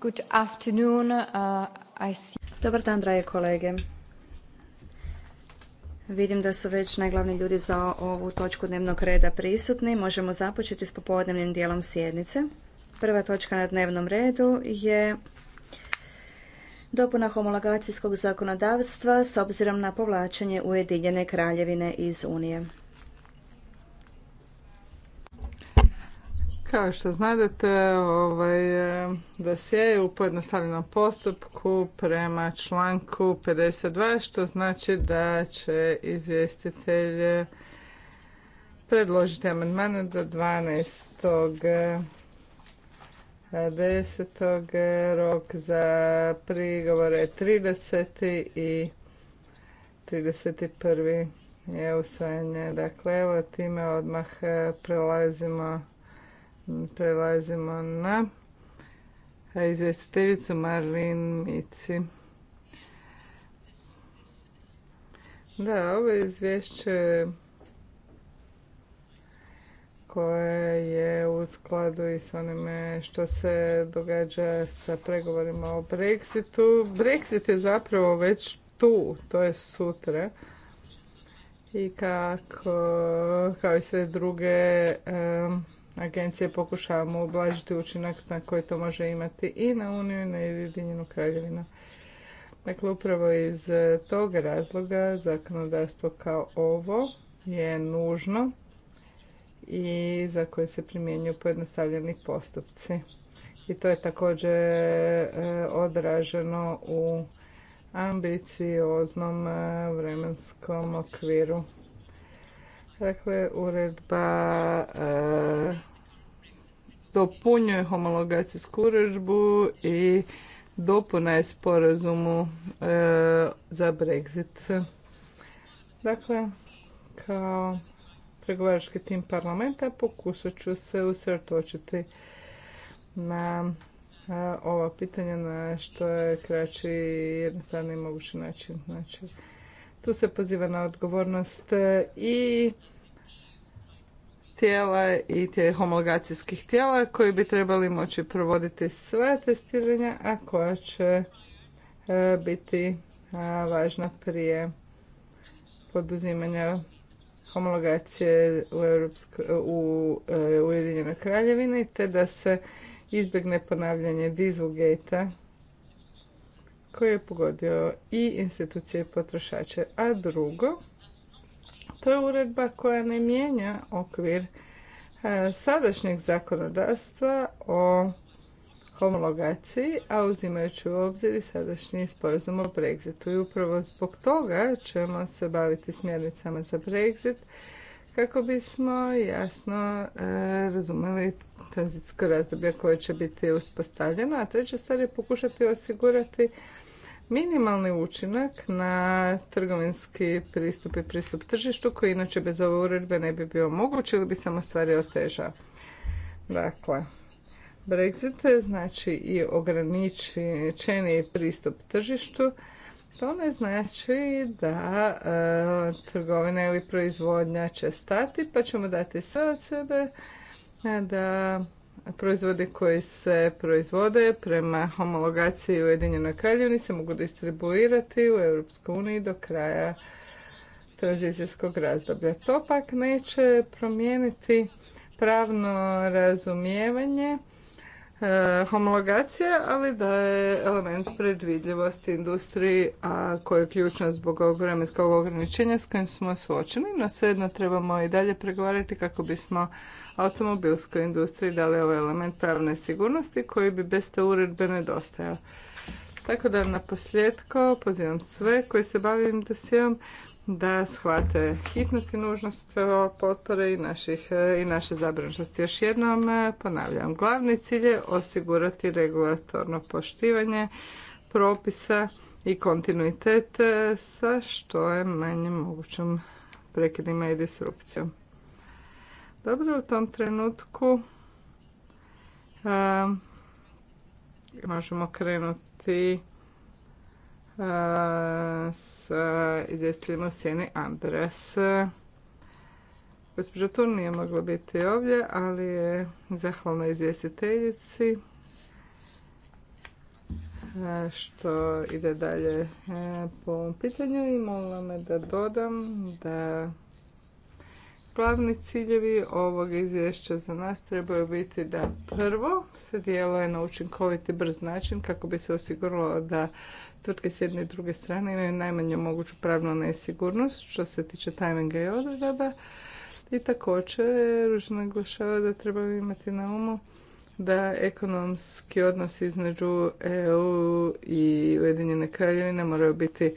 good uh, Dobar dan, drage kolege. Vidim da su već najglavni ljudi za ovu točku dnevnog reda prisutni. Možemo započeti s popodnevnim dijelom sjednice. Prva točka na dnevnom redu je dopuna homologacijskog zakonodavstva s obzirom na povlačenje Ujedinjene kraljevine iz Unije. Kao što znadete, ovaj eh, je u pojednostavljenom postupku prema članku 52, što znači da će izvjestitelj eh, predložiti amandmane do 12. 10. Eh, rok za prigovore 30. i 31. je usvajanje. Dakle, evo time odmah prelazimo Prelazimo na izvjestiteljicu Marlin Mici. Da, ovo izvješće koje je u skladu i s onime što se događa sa pregovorima o Brexitu. Brexit je zapravo već tu, to je sutra. I kako, kao i sve druge agencije pokušavamo ublažiti učinak na koji to može imati i na Uniju i na Ujedinjenu kraljevinu. Dakle, upravo iz e, tog razloga zakonodavstvo kao ovo je nužno i za koje se primjenjuju pojednostavljeni postupci. I to je također e, odraženo u ambicioznom e, vremenskom okviru Dakle, uredba e, dopunjuje homologacijsku uredbu i dopuna je sporazumu e, za Brexit. Dakle, kao pregovarački tim parlamenta pokušat ću se usredotočiti na e, ova pitanja na što je kraći i jednostavni mogući način. Znači, tu se poziva na odgovornost i tijela i te homologacijskih tijela koji bi trebali moći provoditi sva testiranja, a koja će e, biti e, važna prije poduzimanja homologacije u, u e, Ujedinjenoj kraljevini te da se izbjegne ponavljanje dieselgate koji je pogodio i institucije potrošače. A drugo, to je uredba koja ne mijenja okvir e, sadašnjeg zakonodavstva o homologaciji, a uzimajući u obzir i sadašnji sporazum o Brexitu. I upravo zbog toga ćemo se baviti smjernicama za Brexit kako bismo jasno e, razumjeli tranzitsko razdoblje koje će biti uspostavljeno, a treća stvar je pokušati osigurati minimalni učinak na trgovinski pristup i pristup tržištu koji inače bez ove uredbe ne bi bio moguć ili bi samo stvari oteža. Dakle, Brexit znači i ograničeni pristup tržištu. To ne znači da e, trgovina ili proizvodnja će stati, pa ćemo dati sve od sebe e, da proizvodi koji se proizvode prema homologaciji u Ujedinjenoj kraljevini se mogu distribuirati u EU do kraja tranzicijskog razdoblja. To pak neće promijeniti pravno razumijevanje E, homologacija, ali da je element predvidljivosti industriji, a koje je ključno zbog vremenskog ograničenja s kojim smo suočeni, no svejedno trebamo i dalje pregovarati kako bismo automobilskoj industriji dali ovaj element pravne sigurnosti koji bi bez te uredbe nedostajao. Tako da na posljedko pozivam sve koji se bavim dosijom da shvate hitnost i nužnost potpore i, naših, i naše zabrinutosti. Još jednom e, ponavljam, glavni cilj je osigurati regulatorno poštivanje propisa i kontinuitet e, sa što je manje mogućom prekidima i disrupcijom. Dobro, u tom trenutku e, možemo krenuti s e, izvjestiteljima u sjeni Andres. Gospođa Tur nije mogla biti ovdje, ali je zahvalna izvjestiteljici e, što ide dalje e, po ovom pitanju i molila me da dodam da glavni ciljevi ovog izvješća za nas trebaju biti da prvo se djeluje na učinkoviti brz način kako bi se osiguralo da tvrtke s jedne i druge strane imaju najmanju moguću pravnu nesigurnost što se tiče tajminga i odredaba. I također naglašava da treba imati na umu da ekonomski odnos između EU i Ujedinjene kraljevine moraju biti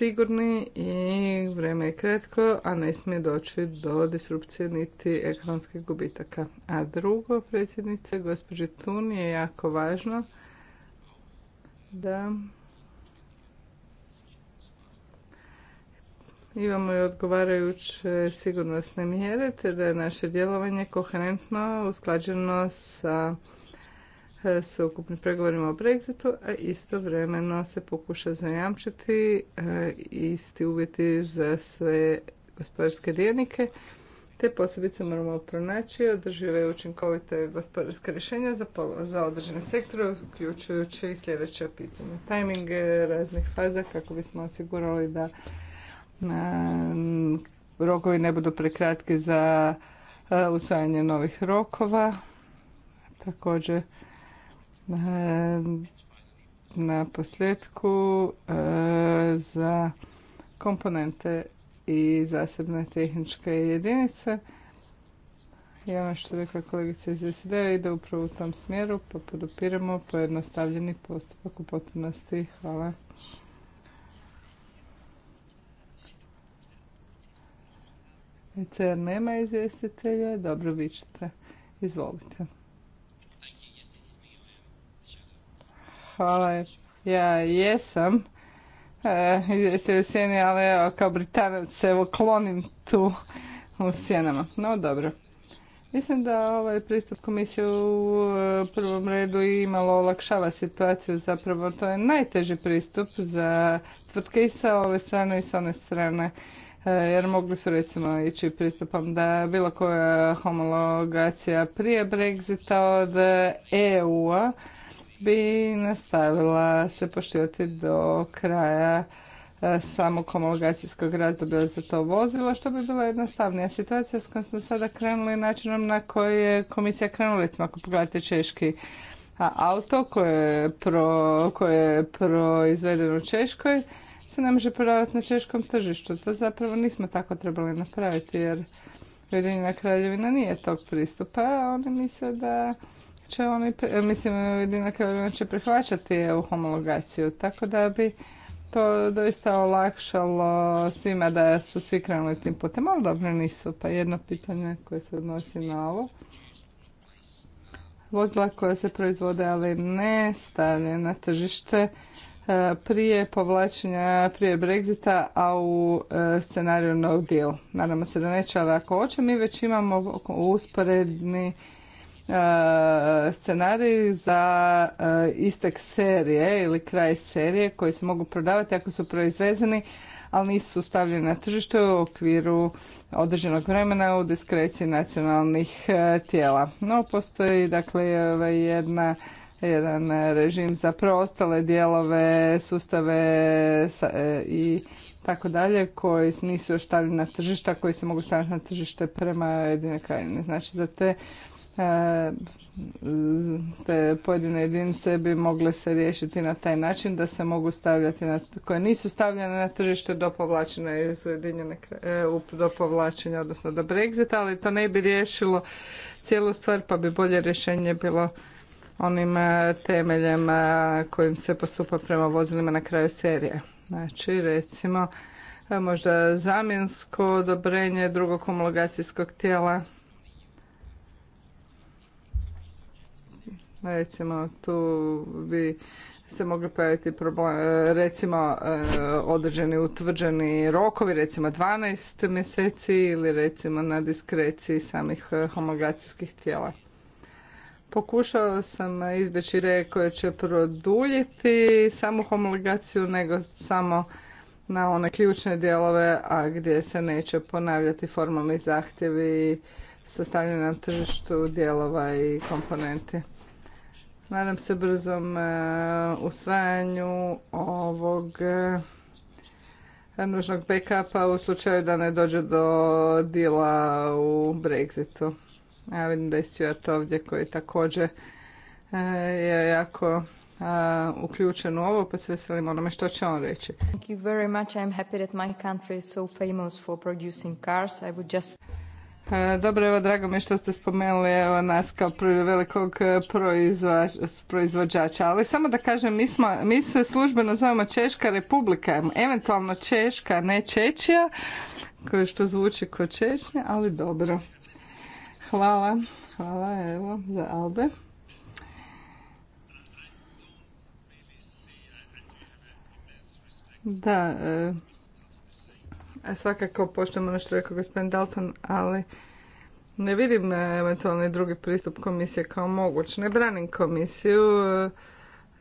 sigurni i vrijeme je kratko, a ne smije doći do disrupcije niti ekonomskih gubitaka. A drugo, predsjednice, gospođi Tun je jako važno da imamo i odgovarajuće sigurnosne mjere, te da je naše djelovanje koherentno, usklađeno sa E, s ukupnim pregovorima o Brexitu, a istovremeno se pokuša zajamčiti e, isti uvjeti za sve gospodarske dionike, te posebice moramo pronaći održive i učinkovite gospodarske rješenja za, za određene sektore, uključujući i sljedeće pitanje. Tajming raznih faza kako bismo osigurali da e, rokovi ne budu prekratki za usvajanje novih rokova. Također, na posljedku e, za komponente i zasebne tehničke jedinice. I ono što je rekla kolegica iz SED ide upravo u tom smjeru, pa podupiramo pojednostavljeni postupak u potpunosti. Hvala. ECR nema izvjestitelja, dobro vi ćete. Izvolite. hvala. Ja jesam e, jeste u sjeni, ali evo, kao britanac, evo, klonim tu u sjenama. No, dobro. Mislim da ovaj pristup komisije u e, prvom redu i malo olakšava situaciju. Zapravo, to je najteži pristup za tvrtke i sa ove strane i sa one strane. E, jer mogli su recimo ići pristupom da bilo koja homologacija prije Brexita od EU-a bi nastavila se poštivati do kraja e, samog homologacijskog razdoblja za to vozilo, što bi bila jednostavnija situacija s kojom smo sada krenuli načinom na koji je komisija krenula, recimo ako pogledate češki auto koje je, je proizvedeno u Češkoj se ne može prodavati na češkom tržištu. To zapravo nismo tako trebali napraviti jer Ujedinjena kraljevina nije tog pristupa. Oni misle da će oni, e, mislim, na Kraljevina će prihvaćati EU homologaciju, tako da bi to doista olakšalo svima da su svi krenuli tim putem, ali dobro nisu. Pa jedno pitanje koje se odnosi na ovo. Vozila koja se proizvode, ali ne stavlja na tržište e, prije povlačenja, prije Brexita, a u e, scenariju no deal. Nadamo se da neće, ali ako hoće, mi već imamo usporedni E, scenarij za e, istek serije ili kraj serije koji se mogu prodavati ako su proizvezeni, ali nisu stavljeni na tržište u okviru određenog vremena u diskreciji nacionalnih e, tijela. No, postoji dakle ovaj, jedna jedan režim za preostale dijelove, sustave i tako dalje koji nisu još stavljeni na tržišta, koji se mogu staviti na tržište prema jedine krajine. Znači za te E, te pojedine jedinice bi mogle se riješiti na taj način da se mogu stavljati na, koje nisu stavljene na tržište do povlačenja iz Ujedinjene e, do povlačenja odnosno do Brexita, ali to ne bi riješilo cijelu stvar pa bi bolje rješenje bilo onim e, temeljem kojim se postupa prema vozilima na kraju serije. Znači recimo možda zamjensko odobrenje drugog homologacijskog tijela Recimo tu bi se mogli pojaviti problem, recimo e, određeni utvrđeni rokovi, recimo 12 mjeseci ili recimo na diskreciji samih e, homogacijskih tijela. Pokušao sam izbjeći reje koje će produljiti samu homologaciju nego samo na one ključne dijelove, a gdje se neće ponavljati formalni zahtjevi sastavljanje na tržištu dijelova i komponenti. Nadam se brzom e, usvajanju ovog e, nužnog backupa u slučaju da ne dođe do dila u Brexitu. Ja vidim da je Stuart ovdje koji također e, je jako uključen u ovo, pa se veselim onome što će on reći. Thank you very much. I'm happy that my country is so famous for producing cars. I would just... E, dobro, evo, drago mi je što ste spomenuli evo, nas kao velikog e, proizvođača, ali samo da kažem, mi, smo, mi se službeno zovemo Češka republika, eventualno Češka, ne Čečija, koje što zvuči kao Češnja, ali dobro. Hvala, hvala, evo, za Albe. Da, e, Svakako poštujem ono što rekao gospodin Dalton, ali ne vidim e, eventualni drugi pristup komisije kao moguć. Ne branim komisiju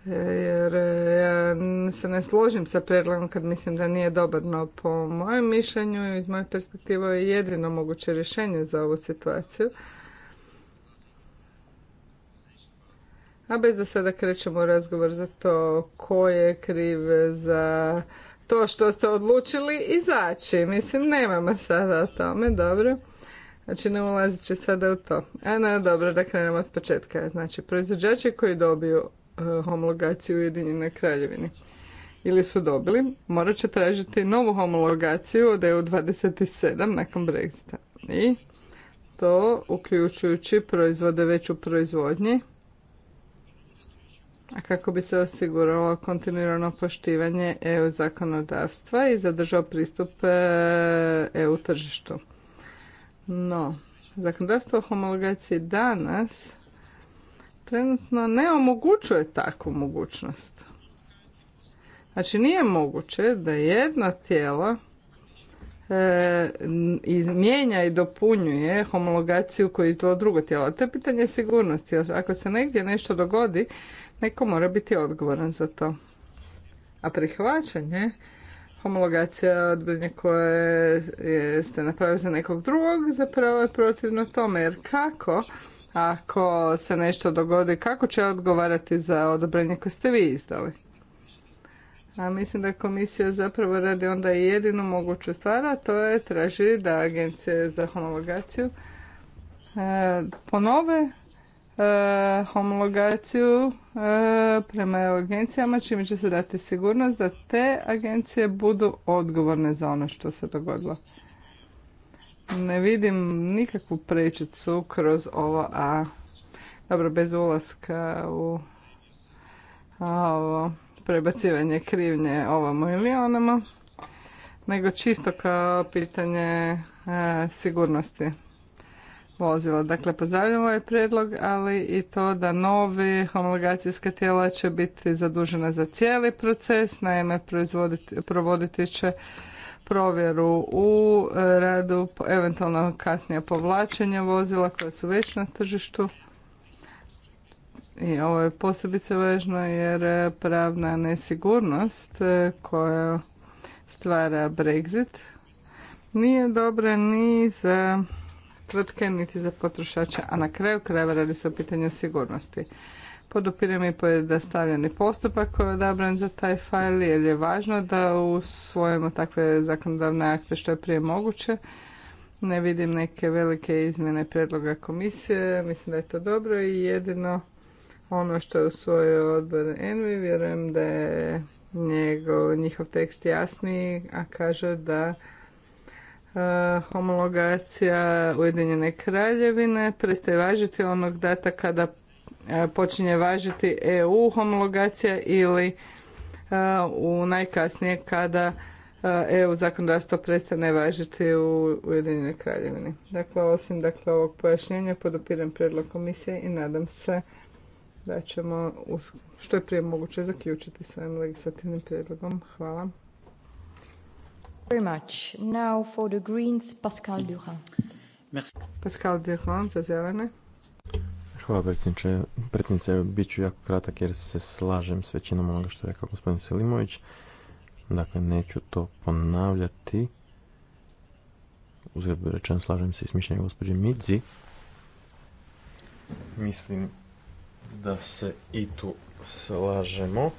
e, jer e, ja se ne složim sa predlogom kad mislim da nije dobar, no po mojem mišljenju i iz moje perspektive je jedino moguće rješenje za ovu situaciju. A bez da sada krećemo u razgovor za to ko je kriv za to što ste odlučili izaći. Mislim, nemamo sada o tome, dobro. Znači, ne ulazit će sada u to. A e, dobro, da krenemo od početka. Znači, proizvođači koji dobiju e, homologaciju u Ujedinjenoj kraljevini ili su dobili, morat će tražiti novu homologaciju od EU27 nakon Brexita. I to uključujući proizvode već u proizvodnji a kako bi se osiguralo kontinuirano poštivanje EU zakonodavstva i zadržao pristup EU e tržištu. No, zakonodavstvo o homologaciji danas trenutno ne omogućuje takvu mogućnost. Znači nije moguće da jedno tijelo e, mijenja i dopunjuje homologaciju koju je izdalo drugo tijelo. To je pitanje sigurnosti. Ako se negdje nešto dogodi Neko mora biti odgovoran za to. A prihvaćanje homologacija odbranje koje ste napravili za nekog drugog zapravo je protivno tome. Jer kako ako se nešto dogodi, kako će odgovarati za odobrenje koje ste vi izdali? A mislim da komisija zapravo radi onda jedinu moguću stvar, a to je traži da agencije za homologaciju e, ponove E, homologaciju e, prema agencijama čime će se dati sigurnost da te agencije budu odgovorne za ono što se dogodilo. Ne vidim nikakvu prečicu kroz ovo, a dobro, bez ulaska u ovo, prebacivanje krivnje ovamo ili onamo, nego čisto kao pitanje e, sigurnosti vozila. Dakle, pozdravljam ovaj predlog, ali i to da novi homologacijska tijela će biti zadužena za cijeli proces, naime provoditi će provjeru u e, radu, eventualno kasnije povlačenja vozila koja su već na tržištu. I ovo je posebice važno jer e, pravna nesigurnost e, koja stvara Brexit nije dobra ni za tvrtke niti za potrošače, a na kraju krajeva radi se o pitanju sigurnosti. Podupiram i pojednostavljeni postupak koji je odabran za taj fajl jer je važno da usvojimo takve zakonodavne akte što je prije moguće. Ne vidim neke velike izmjene predloga komisije, mislim da je to dobro i jedino ono što je usvojio odbor Envi, vjerujem da je njihov tekst jasniji, a kaže da E, homologacija Ujedinjene kraljevine prestaje važiti onog data kada e, počinje važiti EU homologacija ili e, u najkasnije kada EU zakonodavstvo prestane važiti u Ujedinjenoj kraljevini. Dakle, osim dakle, ovog pojašnjenja podupiram prijedlog komisije i nadam se da ćemo što je prije moguće zaključiti s ovim legislativnim prijedlogom. Hvala. Very much. Now for the Greens, Pascal Durand. Merci. Pascal Durand za zelene. Hvala predsjedniče. Predsjednice, bit ću jako kratak jer se slažem s većinom onoga što je rekao gospodin Selimović. Dakle, neću to ponavljati. Uzgled rečeno slažem se i s mišljenjem gospođe Midzi. Mislim da se i tu slažemo.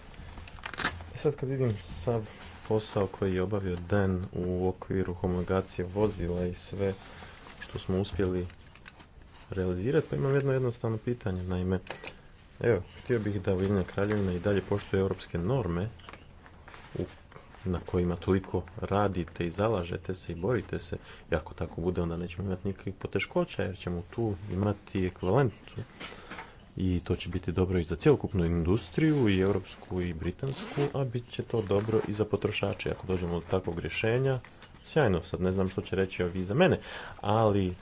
E sad kad vidim sav posao koji je obavio Dan u okviru homologacije vozila i sve što smo uspjeli realizirati. Pa imam jedno jednostavno pitanje. Naime, evo, htio bih da Ujedinjena Kraljevina i dalje poštuje europske norme na kojima toliko radite i zalažete se i borite se. I ako tako bude, onda nećemo imati nikakvih poteškoća jer ćemo tu imati ekvivalentu i to će biti dobro i za cjelokupnu industriju, i europsku i britansku, a bit će to dobro i za potrošače. Ako dođemo do takvog rješenja, sjajno, sad ne znam što će reći ovi za mene, ali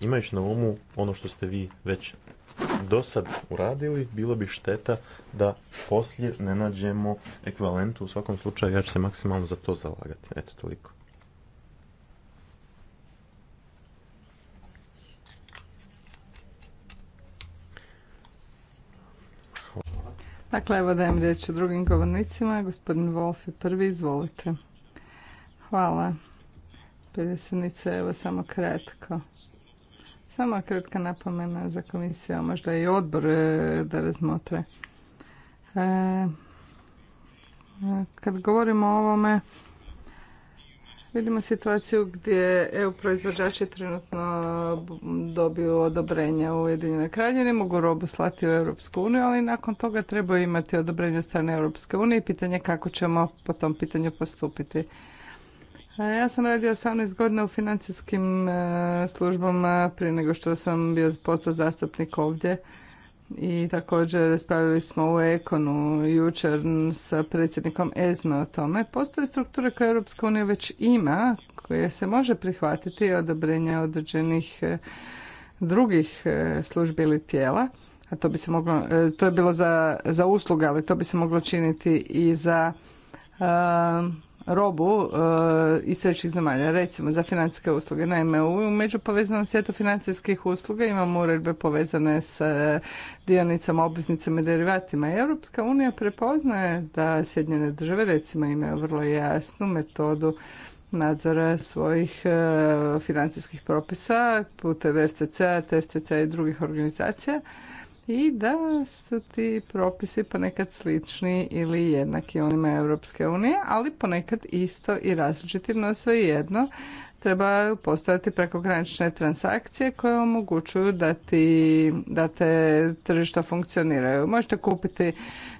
imajući na umu ono što ste vi već do sad uradili, bilo bi šteta da poslije ne nađemo ekvalentu. U svakom slučaju ja ću se maksimalno za to zalagati. Eto, toliko. Dakle, evo dajem riječ o drugim govornicima. Gospodin Wolf je prvi, izvolite. Hvala, predsjednice. Evo samo kratko. Samo kratka napomena za komisiju, možda i odbor e, da razmotre. E, kad govorimo o ovome, Vidimo situaciju gdje EU proizvođači trenutno dobiju odobrenje u Ujedinjenoj kraljevini, mogu robu slati u Europsku uniju, ali nakon toga trebaju imati odobrenje od strane Europske unije i pitanje kako ćemo po tom pitanju postupiti. Ja sam radio 18 godina u financijskim e, službama prije nego što sam bio postao zastupnik ovdje i također raspravili smo u Ekonu jučer sa predsjednikom EZME o tome. Postoje strukture koje Europska unija već ima, koje se može prihvatiti odobrenja određenih e, drugih e, službi ili tijela. A to bi se moglo, e, to je bilo za, za usluge, ali to bi se moglo činiti i za robu eh, iz trećih zemalja, recimo za financijske usluge. Naime, u međupovezanom svijetu financijskih usluga imamo uredbe povezane s dionicama, obveznicama i derivatima. Europska unija prepoznaje da Sjedinjene države recimo imaju vrlo jasnu metodu nadzora svojih eh, financijskih propisa putem FCC-a, tfcc i drugih organizacija i da su ti propisi ponekad slični ili jednaki onima Europske unije, ali ponekad isto i različiti, no svejedno treba postojati prekogranične transakcije koje omogućuju da, ti, da te tržišta funkcioniraju. Možete kupiti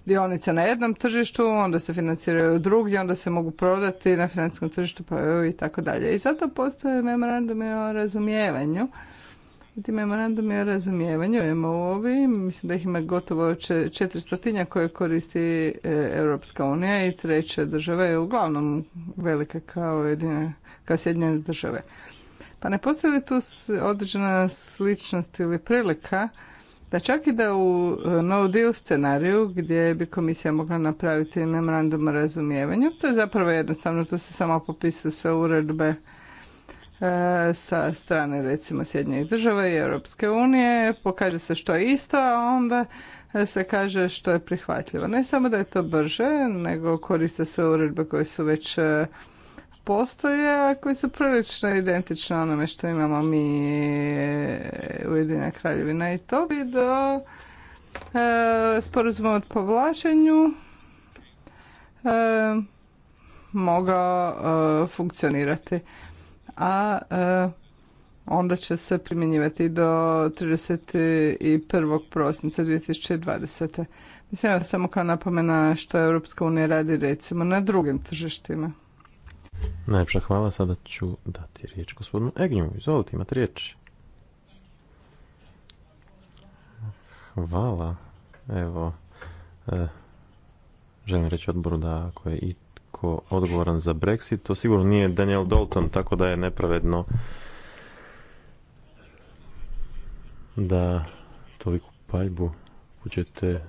dionice na jednom tržištu, onda se financiraju drugi, onda se mogu prodati na financijskom tržištu pa i tako dalje. I zato postoje memorandumi o razumijevanju ti memorandumi o razumijevanju u ovi mislim da ih ima gotovo 400 koje koristi e, Europska unija i treće države je uglavnom velike kao, jedine, kao Sjedinjene države. Pa ne postoji li tu određena sličnost ili prilika da čak i da u e, no deal scenariju gdje bi komisija mogla napraviti memorandum o razumijevanju, to je zapravo jednostavno, tu se samo popisuju sve uredbe E, sa strane recimo Sjedinjenih država i Europske unije, pokaže se što je isto, a onda e, se kaže što je prihvatljivo. Ne samo da je to brže, nego koriste se uredbe koje su već e, postoje, a koje su prilično identične onome što imamo mi ujedinjena Kraljevina i to bi do e, sporazuma od povlačenju mogao funkcionirati a e, onda će se primjenjivati do 31. prosinca 2020. Mislim, evo samo kao napomena što Europska unija radi recimo na drugim tržištima. Najljepša hvala, sada ću dati riječ gospodinu Egnju. Izvolite, imate riječ. Hvala. Evo, e, želim reći odboru da ako je i odgovoran za Brexit, to sigurno nije Daniel Dalton, tako da je nepravedno da toliku paljbu upućete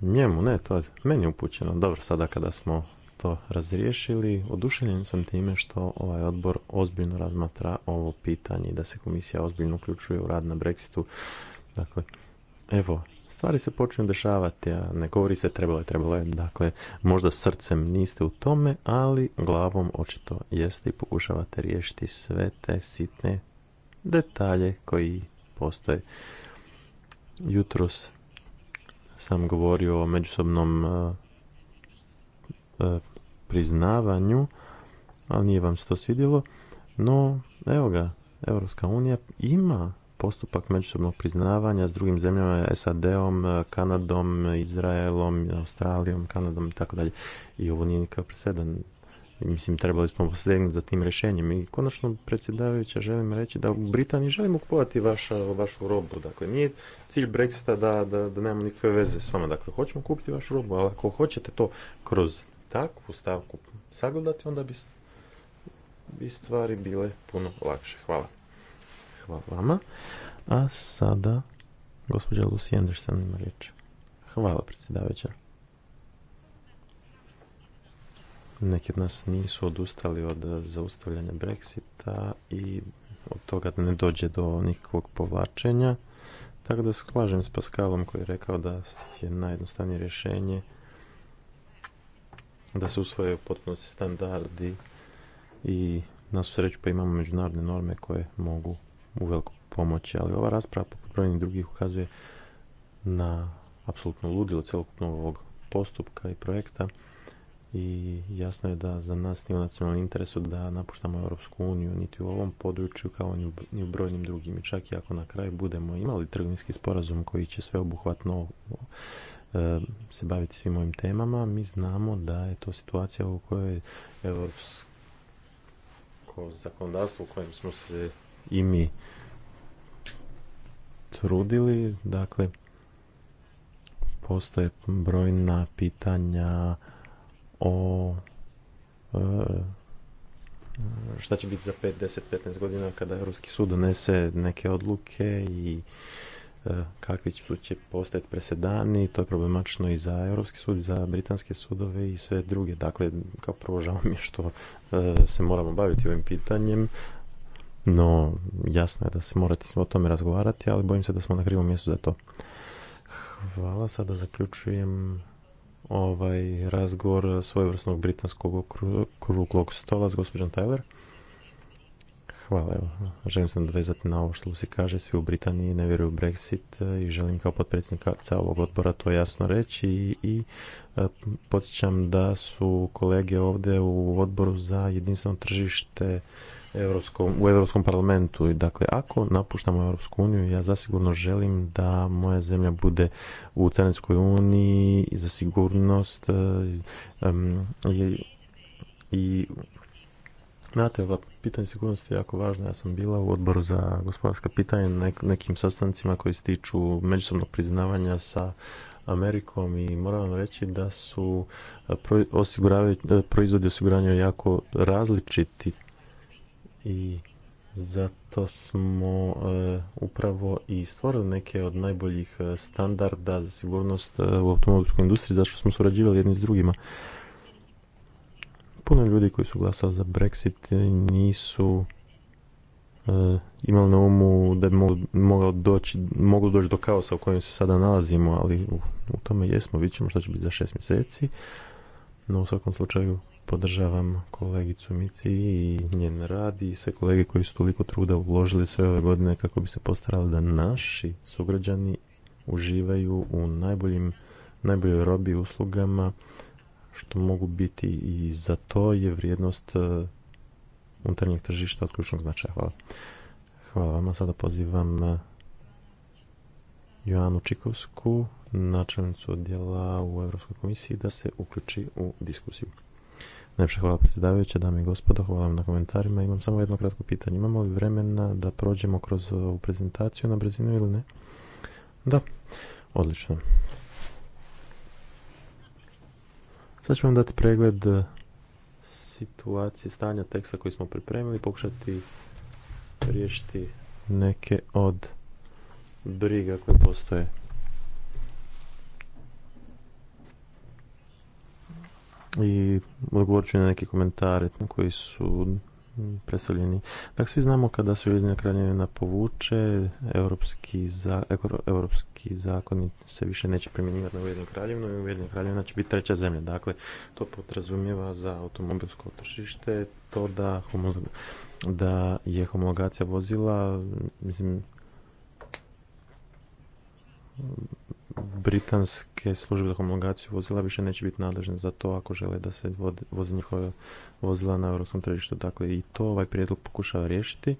njemu, ne, to je meni upućeno. Dobro, sada kada smo to razriješili, odušenjen sam time što ovaj odbor ozbiljno razmatra ovo pitanje i da se komisija ozbiljno uključuje u rad na Brexitu. Dakle, evo, stvari se počinju dešavati, a ne govori se trebalo je, trebalo je. Dakle, možda srcem niste u tome, ali glavom očito jeste i pokušavate riješiti sve te sitne detalje koji postoje. Jutros sam govorio o međusobnom e, e, priznavanju, ali nije vam se to svidjelo, no evo ga, Europska unija ima postupak međusobnog priznavanja s drugim zemljama, SAD-om, Kanadom, Izraelom, Australijom, Kanadom i tako dalje. I ovo nije nikakav presedan. Mislim, trebali smo posegnuti za tim rješenjem. I konačno, predsjedavajuća, želim reći da u Britaniji želimo kupovati vašu robu. Dakle, nije cilj Brexita da, da, nemamo nikakve veze s vama. Dakle, hoćemo kupiti vašu robu, ali ako hoćete to kroz takvu stavku sagledati, onda bi stvari bile puno lakše. Hvala. Hvala vama. A sada gospođa Lucy Anderson ima riječ. Hvala predsjedavajuća. Neki od nas nisu odustali od zaustavljanja Brexita i od toga da ne dođe do nikakvog povlačenja. Tako da sklažem s Paskalom koji je rekao da je najjednostavnije rješenje da se usvoje potpunosti standardi i na sreću pa imamo međunarodne norme koje mogu u pomoći ali ova rasprava poput brojnih drugih ukazuje na apsolutno ludilo cjelokupnog ovog postupka i projekta i jasno je da za nas nije u nacionalnom interesu da napuštamo Europsku uniju niti u ovom području kao ni u brojnim drugim i čak i ako na kraju budemo imali trgovinski sporazum koji će sve obuhvatno e, se baviti svim ovim temama mi znamo da je to situacija u kojoj europsko zakonodavstvo u kojem smo se i mi trudili. Dakle, postoje brojna pitanja o e, šta će biti za 5, 10, 15 godina kada Europski sud donese neke odluke i e, kakvi su će postojati presedani, to je problematično i za Europski sud, za britanske sudove i sve druge. Dakle, kao prvo žao mi je što e, se moramo baviti ovim pitanjem, no, jasno je da se morate o tome razgovarati, ali bojim se da smo na krivom mjestu za to. Hvala, sada zaključujem ovaj razgovor svojevrsnog britanskog kruglog stola s gospođom Tyler. Hvala, evo. Želim se nadvezati na ovo što se kaže, svi u Britaniji ne vjeruju u Brexit e, i želim kao potpredsjednika ovog odbora to jasno reći i, i e, podsjećam da su kolege ovdje u odboru za jedinstveno tržište Europskom, u Europskom parlamentu. Dakle, ako napuštamo Europsku uniju, ja zasigurno želim da moja zemlja bude u Carinskoj uniji i za sigurnost e, i, i Znate, ova pitanje sigurnosti je jako važno. Ja sam bila u odboru za gospodarska pitanja na nekim sastancima koji se tiču međusobnog priznavanja sa Amerikom i moram vam reći da su e, e, proizvodi osiguranja jako različiti i zato smo e, upravo i stvorili neke od najboljih e, standarda za sigurnost e, u automobilskoj industriji, zašto smo surađivali jedni s drugima. Puno ljudi koji su glasali za Brexit nisu imali na umu da bi doći, moglo doći do kaosa u kojem se sada nalazimo, ali u, tome jesmo, vidjet ćemo što će biti za šest mjeseci. No u svakom slučaju podržavam kolegicu Mici i njen rad i sve kolege koji su toliko truda uložili sve ove godine kako bi se postarali da naši sugrađani uživaju u najboljim, najboljoj robi uslugama što mogu biti i za to je vrijednost e, unutarnjeg tržišta od ključnog značaja. Hvala. vama, sada pozivam e, Joanu Čikovsku, načelnicu odjela u Europskoj komisiji, da se uključi u diskusiju. Najpše hvala predsjedavajuća, dame i gospodo, hvala vam na komentarima. Imam samo jedno kratko pitanje. Imamo li vremena da prođemo kroz ovu prezentaciju na brzinu ili ne? Da, odlično. Sad ću vam dati pregled situacije stanja teksta koji smo pripremili, pokušati riješiti neke od briga koje postoje. I odgovorit ću na neke komentare koji su predstavljeni. Dakle, svi znamo kada se Ujedinjena kraljevina povuče, europski, za, evropski zakon se više neće primjenjivati na Ujedinjenu kraljevinu i Ujedinja kraljevina će biti treća zemlja. Dakle, to podrazumijeva za automobilsko tržište to da, da je homologacija vozila, mislim, britanske službe za homologaciju vozila više neće biti nadležne za to ako žele da se voze njihove vozila na europskom tržištu. Dakle, i to ovaj prijedlog pokušava riješiti.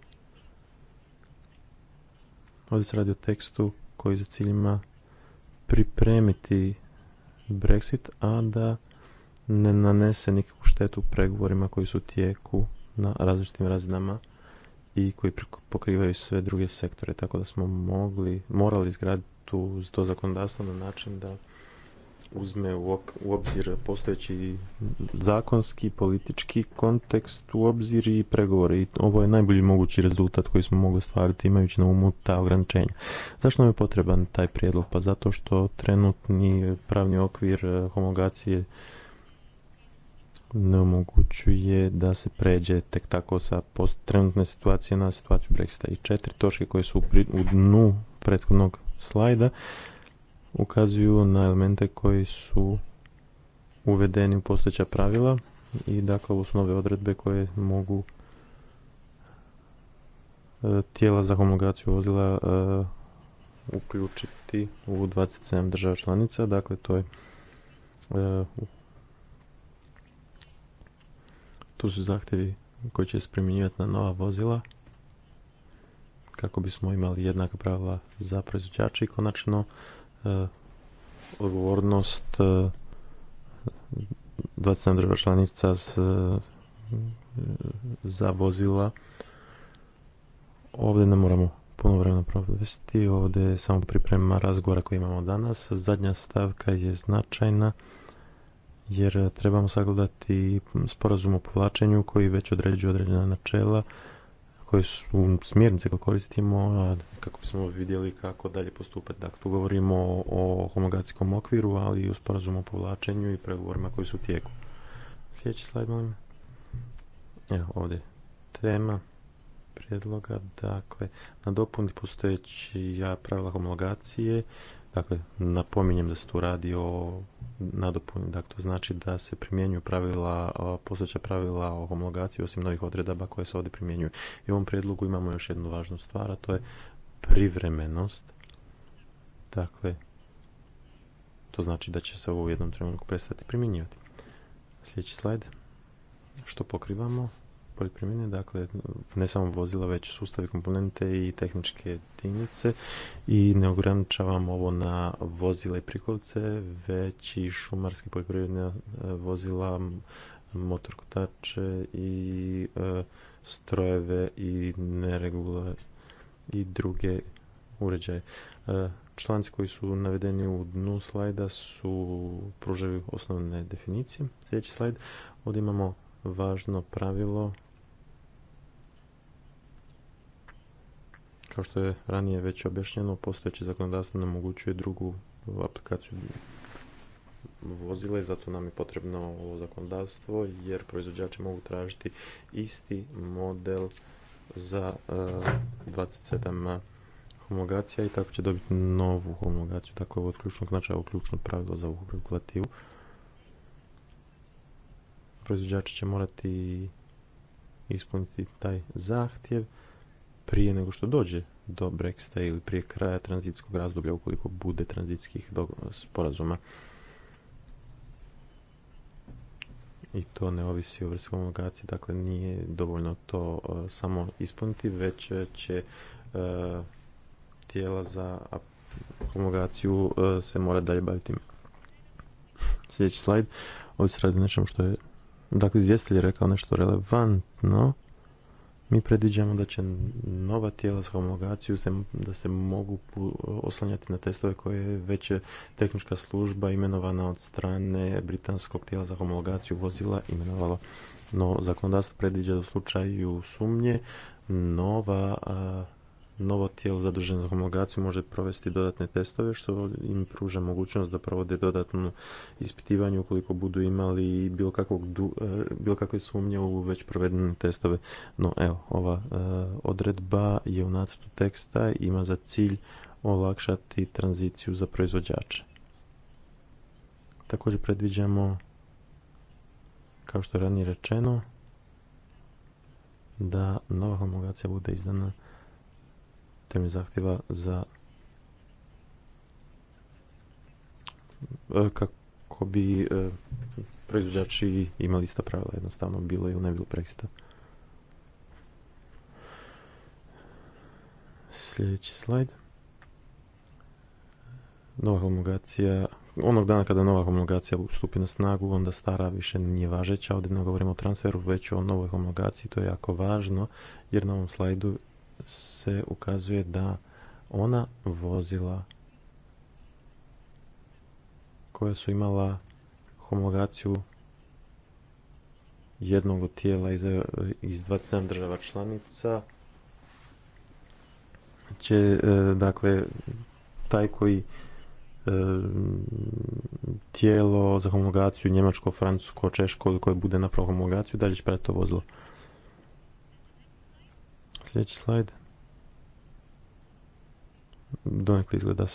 Ovdje se radi o tekstu koji za ciljima pripremiti Brexit, a da ne nanese nikakvu štetu pregovorima koji su tijeku na različitim razinama i koji pokrivaju sve druge sektore, tako da smo mogli, morali izgraditi tu to zakonodavstvo na način da uzme u obzir postojeći zakonski, politički kontekst u obzir i pregovori. Ovo je najbolji mogući rezultat koji smo mogli stvariti imajući na umu ta ograničenja. Zašto nam je potreban taj prijedlog? Pa zato što trenutni pravni okvir e, homogacije ne omogućuje da se pređe tek tako sa trenutne situacije na situaciju Brexita. I četiri točke koje su u dnu prethodnog slajda ukazuju na elemente koji su uvedeni u postojeća pravila i dakle ovo su nove odredbe koje mogu e, tijela za homologaciju vozila e, uključiti u 27 država članica, dakle to je e, tu su zahtjevi koji će se primjenjivati na nova vozila kako bismo imali jednaka pravila za proizvođače i konačno e, odgovornost e, 27 država članica s, e, za vozila. Ovdje ne moramo puno vremena provesti, ovdje je samo priprema razgovora koji imamo danas. Zadnja stavka je značajna jer trebamo sagledati sporazum o povlačenju koji već određuje određena načela koje su um, smjernice koje koristimo kako bismo vidjeli kako dalje postupati. Dakle, tu govorimo o homologacijskom okviru, ali i o sporazumu o povlačenju i pregovorima koji su u tijeku. Sljedeći slajd, molim. Evo, ovdje tema prijedloga, dakle, na dopuni postojeći pravila homologacije Dakle, napominjem da se tu radi o nadopuni. Dakle, to znači da se primjenjuju pravila, postojeća pravila o homologaciji osim novih odredaba koje se ovdje primjenjuju. I u ovom predlogu imamo još jednu važnu stvar, a to je privremenost. Dakle, to znači da će se ovo u jednom trenutku prestati primjenjivati. Sljedeći slajd. Što pokrivamo? primjene, dakle ne samo vozila, već sustave komponente i tehničke jedinice i ne ograničavamo ovo na vozila i prikolice, već i šumarski poljoprivredna e, vozila, motorkotače i e, strojeve i neregular i druge uređaje. E, članci koji su navedeni u dnu slajda su pružaju osnovne definicije. Sljedeći slajd. Ovdje imamo važno pravilo Kao što je ranije već objašnjeno, postojeće zakonodavstvo nam omogućuje drugu aplikaciju vozila i zato nam je potrebno ovo zakonodavstvo jer proizvođači mogu tražiti isti model za 27 eh, homologacija i tako će dobiti novu homologaciju. Tako je od ključnog značaja ključno pravilo za ovu regulativu. Proizvođači će morati ispuniti taj zahtjev prije nego što dođe do Brexita ili prije kraja tranzitskog razdoblja ukoliko bude tranzitskih sporazuma. I to ne ovisi o vrstvom logaciji, dakle nije dovoljno to e, samo ispuniti, već će e, tijela za homologaciju e, se mora dalje baviti. Sljedeći slajd. Ovdje se radi nečem što je... Dakle, izvjestitelj je rekao nešto relevantno. Mi predviđamo da će nova tijela za homologaciju se, da se mogu oslanjati na testove koje je već tehnička služba imenovana od strane britanskog tijela za homologaciju vozila imenovala. No, zakonodavstvo predviđa da u slučaju sumnje nova novo tijelo zaduženo za homologaciju može provesti dodatne testove što im pruža mogućnost da provode dodatno ispitivanje ukoliko budu imali bilo, e, bilo kakve sumnje u već provedene testove. No evo, ova e, odredba je u nacrtu teksta i ima za cilj olakšati tranziciju za proizvođače. Također predviđamo, kao što je ranije rečeno, da nova homologacija bude izdana temelj zahtjeva za e, kako bi e, proizvođači imali ista pravila, jednostavno bilo ili ne bilo preksta. Sljedeći slajd. Nova homologacija, onog dana kada nova homologacija stupi na snagu, onda stara više nije važeća. Ovdje ne govorimo o transferu, već o novoj homologaciji, to je jako važno, jer na ovom slajdu se ukazuje da ona vozila koja su imala homologaciju jednog tijela iz, 27 država članica će e, dakle taj koji e, tijelo za homologaciju njemačko, francusko, češko ili koje bude napravo homologaciju dalje će to vozilo. Sljedeći slajd. Donekle izgleda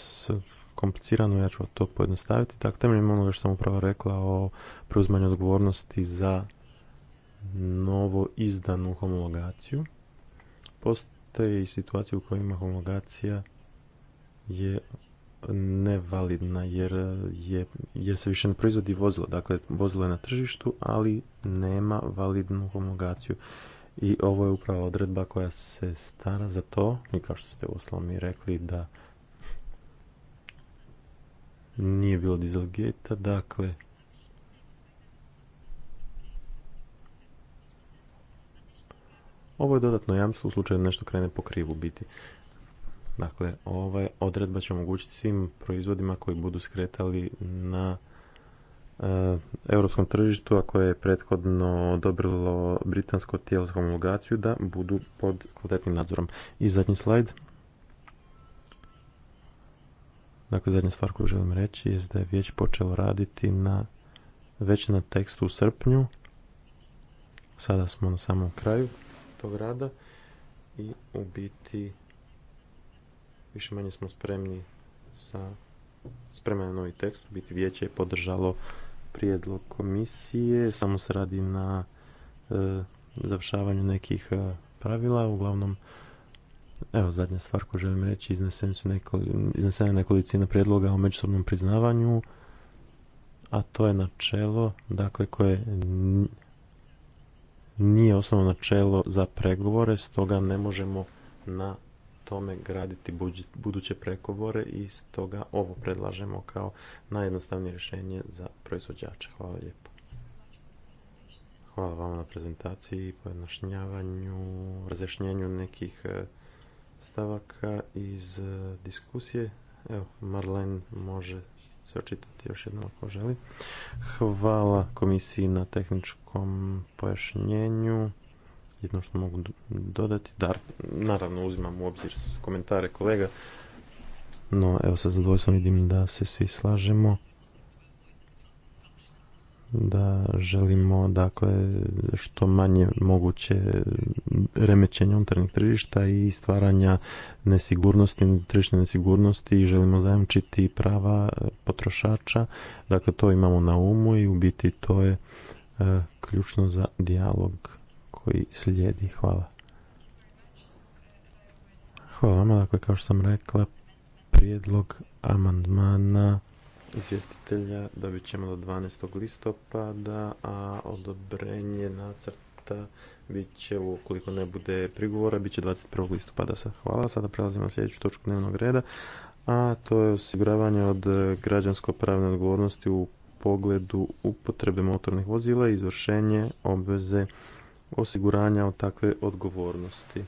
komplicirano, ja ću to pojednostaviti. Dakle, temeljem onoga što sam upravo rekla o preuzmanju odgovornosti za novo izdanu homologaciju. Postoje i situacije u kojima homologacija je nevalidna jer, je, se više ne proizvodi vozilo. Dakle, vozilo je na tržištu, ali nema validnu homologaciju. I ovo je upravo odredba koja se stara za to, i kao što ste u mi rekli, da nije bilo dizelgeta, dakle, Ovo je dodatno jamstvo u slučaju da nešto krene po krivu biti. Dakle, ova odredba će omogućiti svim proizvodima koji budu skretali na Eh, europskom tržištu, a koje je prethodno odobrilo britansko tijelo za homologaciju da budu pod kvalitetnim nadzorom. I zadnji slajd. Dakle, zadnja stvar koju želim reći je da je već počelo raditi na, već na tekstu u srpnju. Sada smo na samom kraju tog rada i u biti više manje smo spremni sa spreman novi tekst, biti vijeće je podržalo prijedlog komisije, samo se radi na e, završavanju nekih e, pravila, uglavnom Evo, zadnja stvar koju želim reći, iznesene su nekolicina prijedloga o međusobnom priznavanju, a to je načelo, dakle, koje nije osnovno načelo za pregovore, stoga ne možemo na tome graditi buduće pregovore i stoga ovo predlažemo kao najjednostavnije rješenje za proizvođače. Hvala lijepo. Hvala vam na prezentaciji i pojednošnjavanju, razjašnjenju nekih e, stavaka iz e, diskusije. Evo, Marlen može se očitati još jednom ako želi. Hvala komisiji na tehničkom pojašnjenju jedno što mogu dodati, dar. naravno uzimam u obzir komentare kolega, no evo sa zadovoljstvom vidim da se svi slažemo da želimo dakle što manje moguće remećenja unutarnjeg tržišta i stvaranja nesigurnosti, tržišne nesigurnosti i želimo zajamčiti prava potrošača. Dakle, to imamo na umu i u biti to je e, ključno za dijalog koji slijedi. Hvala. Hvala vama. Dakle, kao što sam rekla, prijedlog amandmana izvjestitelja dobit ćemo do 12. listopada, a odobrenje nacrta bit će, ukoliko ne bude prigovora, bit će 21. listopada. Sad, hvala. Sada prelazimo na sljedeću točku dnevnog reda, a to je osiguravanje od građansko-pravne odgovornosti u pogledu upotrebe motornih vozila i izvršenje obveze osiguranja od takve odgovornosti.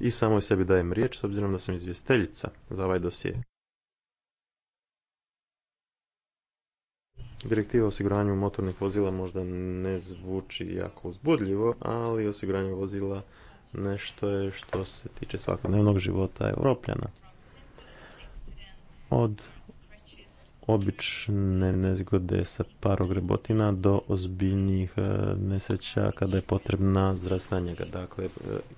I samoj sebi dajem riječ s obzirom da sam izvjesteljica za ovaj dosije. Direktiva o osiguranju motornih vozila možda ne zvuči jako uzbudljivo, ali osiguranje vozila nešto je što se tiče svakodnevnog života europljana. Od obične nezgode sa parogrebotina do ozbiljnijih e, nesreća kada je potrebna zdravstvena njega. Dakle, e,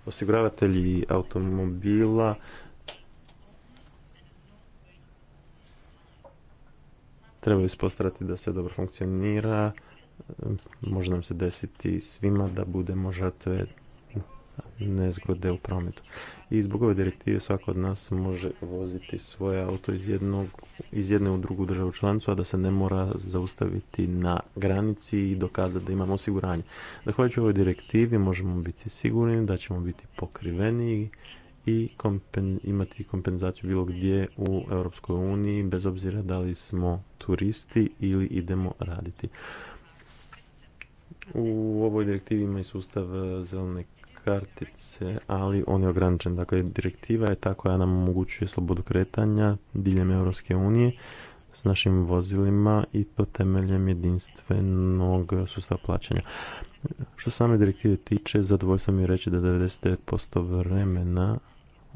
osiguravatelji automobila treba ispostarati da se dobro funkcionira. E, može nam se desiti svima da budemo žatve nezgode u prometu. I zbog ove direktive svako od nas može voziti svoje auto iz, jednog, iz jedne u drugu državu članicu, a da se ne mora zaustaviti na granici i dokazati da imamo osiguranje. Zahvaljujući ovoj direktivi možemo biti sigurni da ćemo biti pokriveni i imati kompenzaciju bilo gdje u Europskoj uniji, bez obzira da li smo turisti ili idemo raditi. U ovoj direktivi ima i sustav zelene kartice, ali on je ograničen. Dakle, direktiva je ta koja nam omogućuje slobodu kretanja diljem Europske unije s našim vozilima i to temeljem jedinstvenog sustava plaćanja. Što same direktive tiče, zadovoljstvo mi je reći da 99% vremena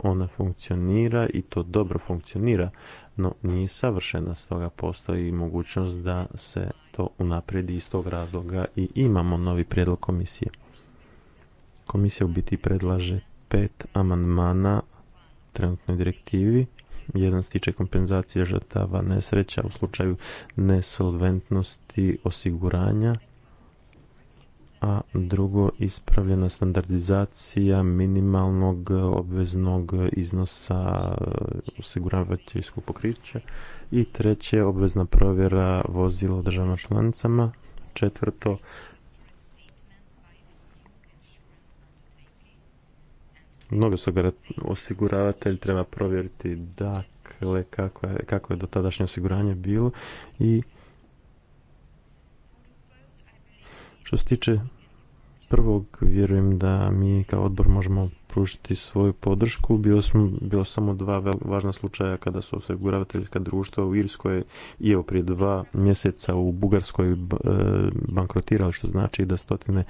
ona funkcionira i to dobro funkcionira, no nije savršena, stoga postoji mogućnost da se to unaprijedi iz tog razloga i imamo novi prijedlog komisije. Komisija u biti predlaže pet amandmana trenutnoj direktivi. Jedan se tiče kompenzacije žrtava nesreća u slučaju nesolventnosti osiguranja, a drugo ispravljena standardizacija minimalnog obveznog iznosa osiguravateljskog pokrića i treće obvezna provjera vozila u državama članicama. Četvrto, mnogi osiguravatelj treba provjeriti dakle kako je, kako je do tadašnje osiguranje bilo i što se tiče prvog vjerujem da mi kao odbor možemo pružiti svoju podršku. Bilo, smo, bilo samo dva važna slučaja kada su osiguravateljska društva u Irskoj i evo prije dva mjeseca u Bugarskoj e, bankrotirali, što znači da stotine e,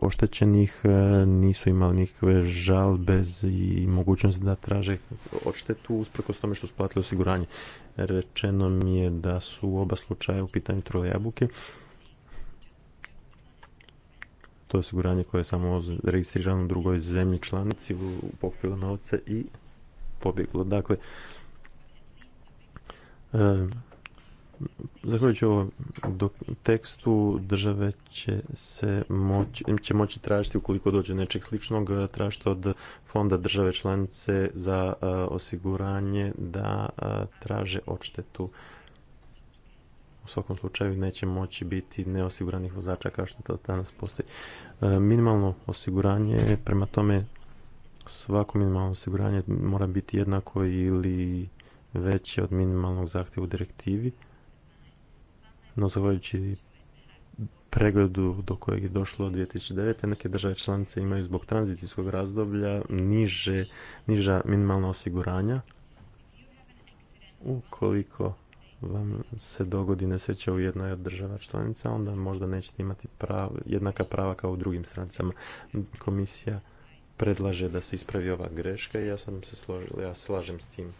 oštećenih e, nisu imali nikakve žalbe i mogućnost da traže odštetu usprkos tome što su platili osiguranje. Rečeno mi je da su oba slučaja u pitanju trojabuke to je osiguranje koje je samo registrirano u drugoj zemlji članici, pokrilo novce i pobjeglo. Dakle, zahvaljujući ovom tekstu države će se moći, će moći tražiti ukoliko dođe nečeg sličnog, eh, tražiti od fonda države članice za eh, osiguranje da eh, traže odštetu u svakom slučaju neće moći biti neosiguranih vozača kao što to danas postoji. E, minimalno osiguranje, prema tome svako minimalno osiguranje mora biti jednako ili veće od minimalnog zahtjeva u direktivi, no zahvaljujući pregledu do kojeg je došlo od 2009. neke države članice imaju zbog tranzicijskog razdoblja niža minimalna osiguranja. Ukoliko vam se dogodi nesreća u jednoj od država članica, onda možda nećete imati jednaka prava kao u drugim stranicama. Komisija predlaže da se ispravi ova greška i ja sam se složio ja slažem s tim.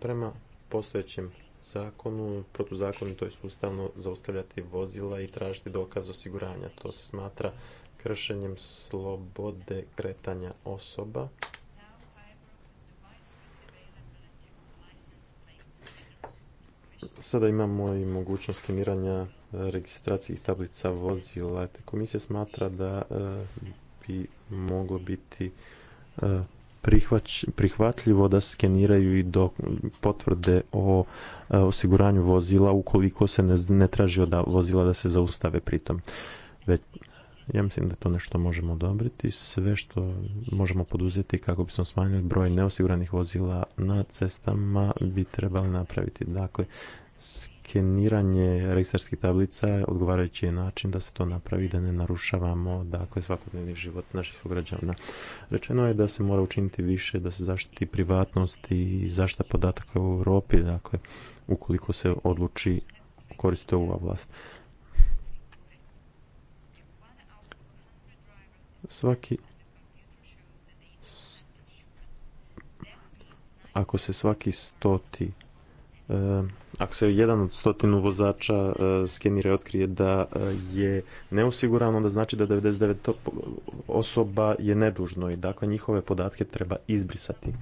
Prema postojećem zakonu, to je sustavno zaustavljati vozila i tražiti dokaz osiguranja. To se smatra kršenjem slobode kretanja osoba Sada imamo i mogućnost skeniranja e, registracijih tablica vozila. komisija smatra da e, bi moglo biti e, prihvatljivo da skeniraju i potvrde o osiguranju vozila ukoliko se ne, ne traži od vozila da se zaustave pritom. Već, ja mislim da to nešto možemo odobriti. Sve što možemo poduzeti kako bismo smanjili broj neosiguranih vozila na cestama bi trebali napraviti. Dakle, skeniranje registarskih tablica odgovarajući je način da se to napravi da ne narušavamo dakle svakodnevni život naših građana. Rečeno je da se mora učiniti više da se zaštiti privatnost i zaštita podataka u Europi, dakle ukoliko se odluči koristiti ovu vlast. svaki ako se svaki stoti eh, ako se jedan od stotinu vozača eh, skenira i otkrije da eh, je neosiguran, onda znači da 99 osoba je nedužno i dakle njihove podatke treba izbrisati.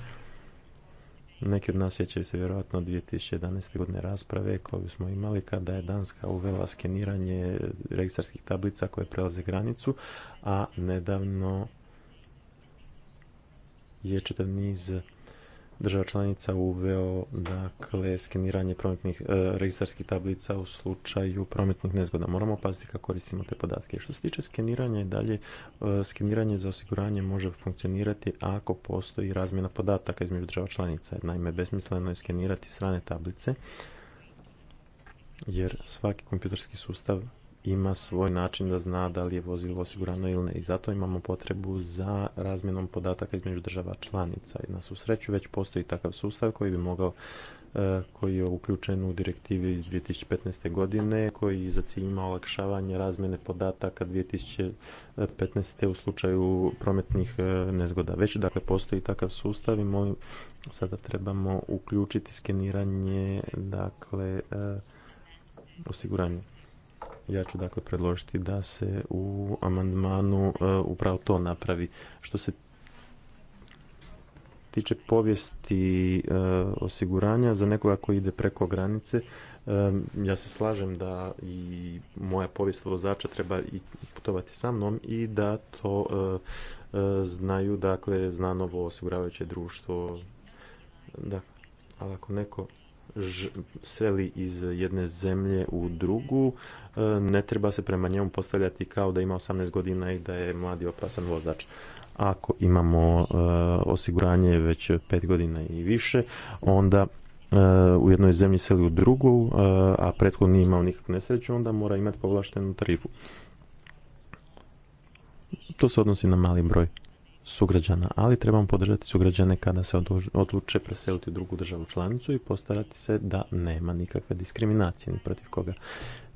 Neki od nas sjećaju se vjerojatno 2011. godine rasprave koju smo imali kada je Danska uvela skeniranje registarskih tablica koje prelaze granicu, a nedavno je čitav niz država članica uveo dakle skeniranje prometnih e, registarskih tablica u slučaju prometnih nezgoda. Moramo paziti kako koristimo te podatke. Što se tiče skeniranja i dalje, e, skeniranje za osiguranje može funkcionirati ako postoji razmjena podataka između država članica. Naime, besmisleno je skenirati strane tablice jer svaki kompjuterski sustav ima svoj način da zna da li je vozilo osigurano ili ne i zato imamo potrebu za razmjenom podataka između država članica i na svu sreću već postoji takav sustav koji bi mogao e, koji je uključen u direktivi iz 2015. godine koji za cilj ima olakšavanje razmjene podataka 2015. u slučaju prometnih e, nezgoda. Već dakle postoji takav sustav i molim sada trebamo uključiti skeniranje dakle e, osiguranje. Ja ću dakle predložiti da se u amandmanu e, upravo to napravi. Što se tiče povijesti e, osiguranja za nekoga koji ide preko granice, e, ja se slažem da i moja povijest vozača treba i putovati sa mnom i da to znaju, dakle, znanovo osiguravajuće društvo. Da, ali ako neko seli iz jedne zemlje u drugu, e, ne treba se prema njemu postavljati kao da ima 18 godina i da je mladi opasan vozač. Ako imamo e, osiguranje već 5 godina i više, onda e, u jednoj zemlji seli u drugu, a prethodno nije imao nikakvu nesreću, onda mora imati povlaštenu tarifu. To se odnosi na mali broj sugrađana, ali trebamo podržati sugrađane kada se odluče preseliti u drugu državu članicu i postarati se da nema nikakve diskriminacije ni protiv koga.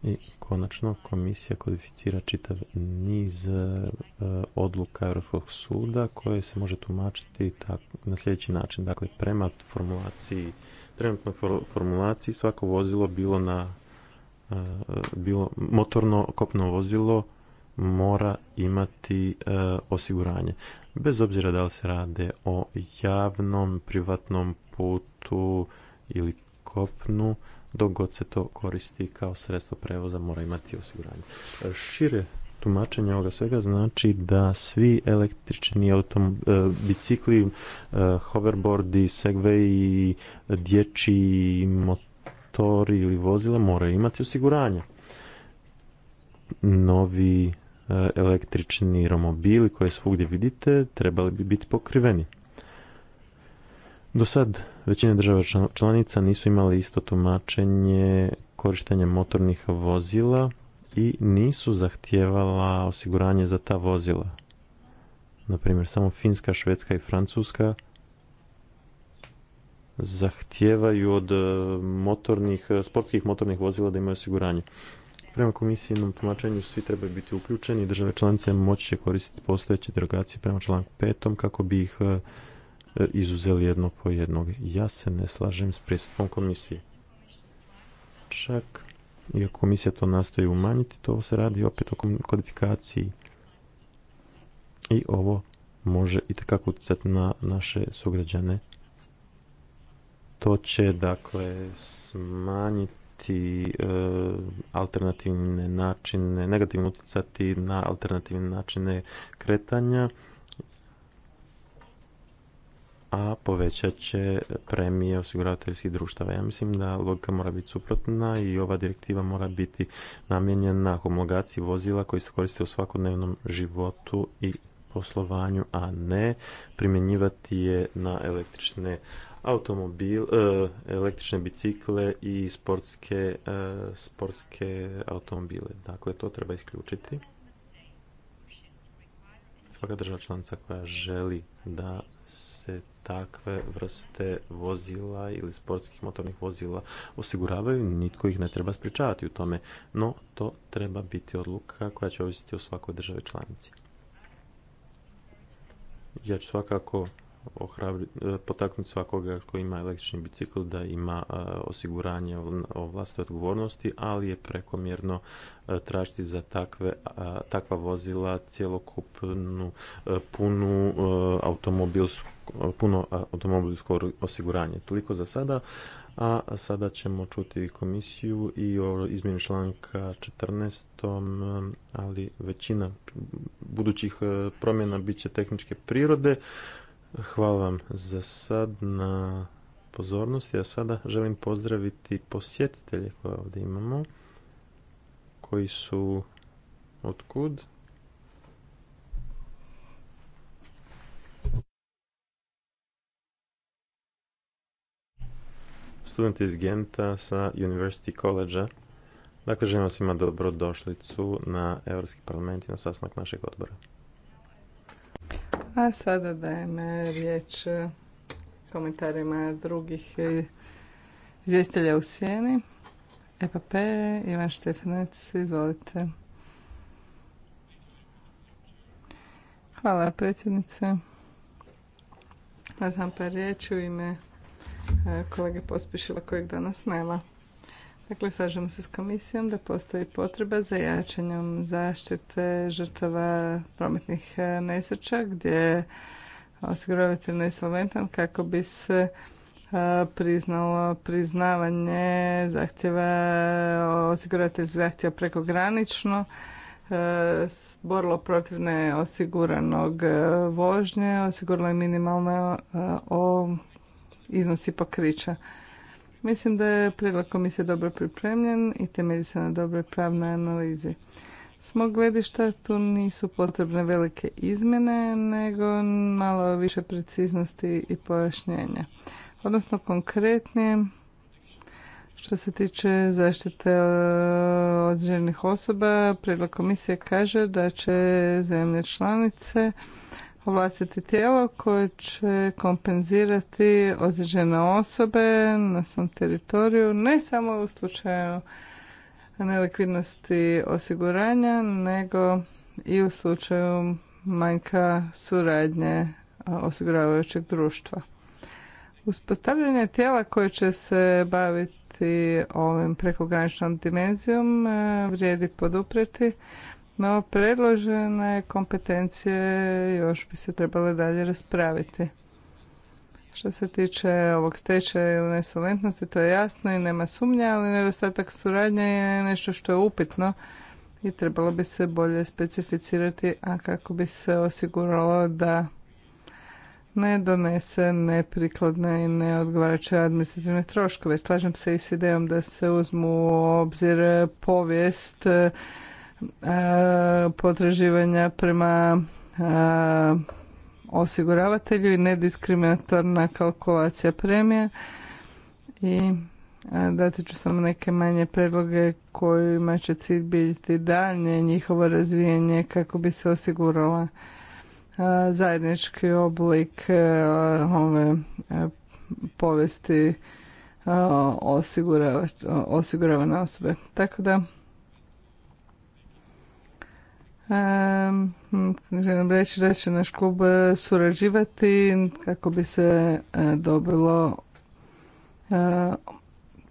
I konačno komisija kodificira čitav niz e, odluka Europskog suda koje se može tumačiti na sljedeći način. Dakle, prema formulaciji, trenutnoj formulaciji svako vozilo bilo na e, bilo motorno kopno vozilo mora imati e, osiguranje bez obzira da li se rade o javnom, privatnom putu ili kopnu, dok god se to koristi kao sredstvo prevoza mora imati osiguranje. Šire tumačenje ovoga svega znači da svi električni autom, e, bicikli, e, hoverboardi, segveji, dječji motori ili vozila moraju imati osiguranje. Novi E, električni romobili koje svugdje vidite trebali bi biti pokriveni. Do sad većina država članica nisu imali isto tumačenje korištenja motornih vozila i nisu zahtijevala osiguranje za ta vozila. Na primjer, samo Finska, Švedska i Francuska zahtijevaju od e, e, sportskih motornih vozila da imaju osiguranje. Prema komisijenom tumačenju svi trebaju biti uključeni i države članice moći će koristiti postojeće derogacije prema članku petom kako bi ih eh, izuzeli jednog po jednog. Ja se ne slažem s pristupom komisije. Čak, iako komisija to nastoji umanjiti, to se radi opet o kodifikaciji. I ovo može i takako utjecati na naše sugrađane. To će, dakle, smanjiti i e, alternativne načine, negativno utjecati na alternativne načine kretanja, a povećat će premije osiguravateljskih društava. Ja mislim da logika mora biti suprotna i ova direktiva mora biti namijenjena homologaciji vozila koji se koriste u svakodnevnom životu i poslovanju, a ne primjenjivati je na električne automobil, e, električne bicikle i sportske, e, sportske automobile. Dakle, to treba isključiti. Svaka država članica koja želi da se takve vrste vozila ili sportskih motornih vozila osiguravaju, nitko ih ne treba spričavati u tome, no to treba biti odluka koja će ovisiti o svakoj državi članici. Ja ću svakako E, potaknuti svakoga koji ima električni bicikl da ima e, osiguranje o vlastitoj odgovornosti, ali je prekomjerno e, tražiti za takve, takva vozila cjelokupnu punu automobilsku puno automobilsko osiguranje. Toliko za sada, a sada ćemo čuti komisiju i o izmjeni članka 14. ali većina budućih promjena bit će tehničke prirode. Hvala vam za sad na pozornosti, a sada želim pozdraviti posjetitelje koje ovdje imamo, koji su otkud? Student iz Genta sa University College-a. Dakle, želim vam svima dobrodošlicu na Europski parlament i na sastanak našeg odbora. A sada dajem e, riječ e, komentarima drugih e, izvjestitelja u sjeni. EPP, Ivan Štefanec, izvolite. Hvala predsjednice. Ja sam par riječ u ime kolege Pospišila kojeg danas nema. Dakle, slažemo se s komisijom da postoji potreba za jačanjem zaštite žrtava prometnih e, nesreća gdje je osiguravatelj nesolventan kako bi se e, priznalo priznavanje zahtjeva osiguravatelj zahtjeva prekogranično e, borilo protiv neosiguranog vožnje, osiguralo je minimalno o iznosi pokrića. Mislim da je prijedlog komisije dobro pripremljen i temelji se na dobroj pravnoj analizi. S mog gledišta tu nisu potrebne velike izmjene, nego malo više preciznosti i pojašnjenja. Odnosno konkretnije, što se tiče zaštite e, određenih osoba, prijedlog komisije kaže da će zemlje članice ovlastiti tijelo koje će kompenzirati ozređene osobe na svom teritoriju, ne samo u slučaju nelikvidnosti osiguranja, nego i u slučaju manjka suradnje osiguravajućeg društva. Uspostavljanje tijela koje će se baviti ovim prekograničnom dimenzijom e, vrijedi podupreti, no, predložene kompetencije još bi se trebale dalje raspraviti. Što se tiče ovog stečaja ili nesolentnosti, to je jasno i nema sumnja, ali nedostatak suradnje je nešto što je upitno i trebalo bi se bolje specificirati, a kako bi se osiguralo da ne donese neprikladne i neodgovarajuće administrativne troškove. Slažem se i s idejom da se uzmu u obzir povijest E, potraživanja prema e, osiguravatelju i nediskriminatorna kalkulacija premija. i e, dati ću samo neke manje predloge kojima će cilj biti daljnje njihovo razvijanje kako bi se osigurala zajednički oblik ove povesti osiguravane osobe. Tako da Hm, želim reći da će naš klub e, surađivati kako bi se e, dobilo e,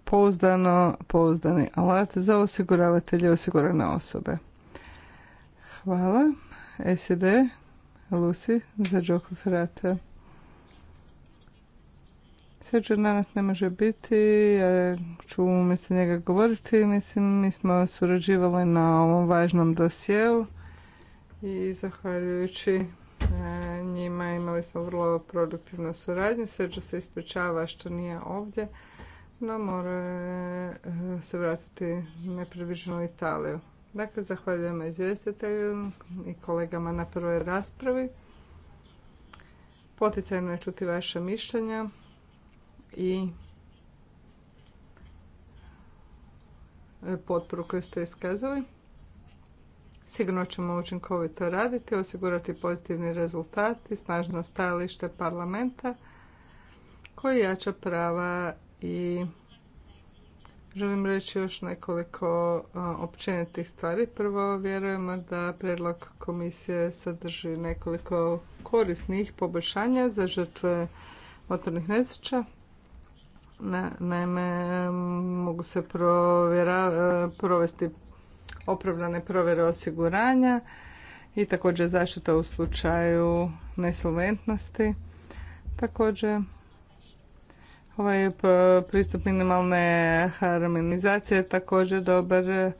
pouzdano, pouzdani alat za osiguravatelje osigurane osobe. Hvala. SED, Lucy, za Džoko Ferrata. danas ne može biti, ja ću umjesto njega govoriti. Mislim, mi smo surađivali na ovom važnom dosjeu i zahvaljujući e, njima imali smo vrlo produktivnu suradnju. Srđo se ispričava što nije ovdje, no mora e, se vratiti nepriviđeno u Italiju. Dakle, zahvaljujemo izvjestitelju i kolegama na prvoj raspravi. Poticajno je čuti vaše mišljenja i e, potporu koju ste iskazali. Sigurno ćemo učinkovito raditi, osigurati pozitivni rezultati, snažno stajalište parlamenta koji jača prava i želim reći još nekoliko općenitih stvari. Prvo, vjerujemo da predlog komisije sadrži nekoliko korisnih poboljšanja za žrtve motornih nesreća. Naime, mogu se provesti opravdane provjere osiguranja i također zaštita u slučaju nesolventnosti. Također ovaj pristup minimalne harmonizacije je također dobar e,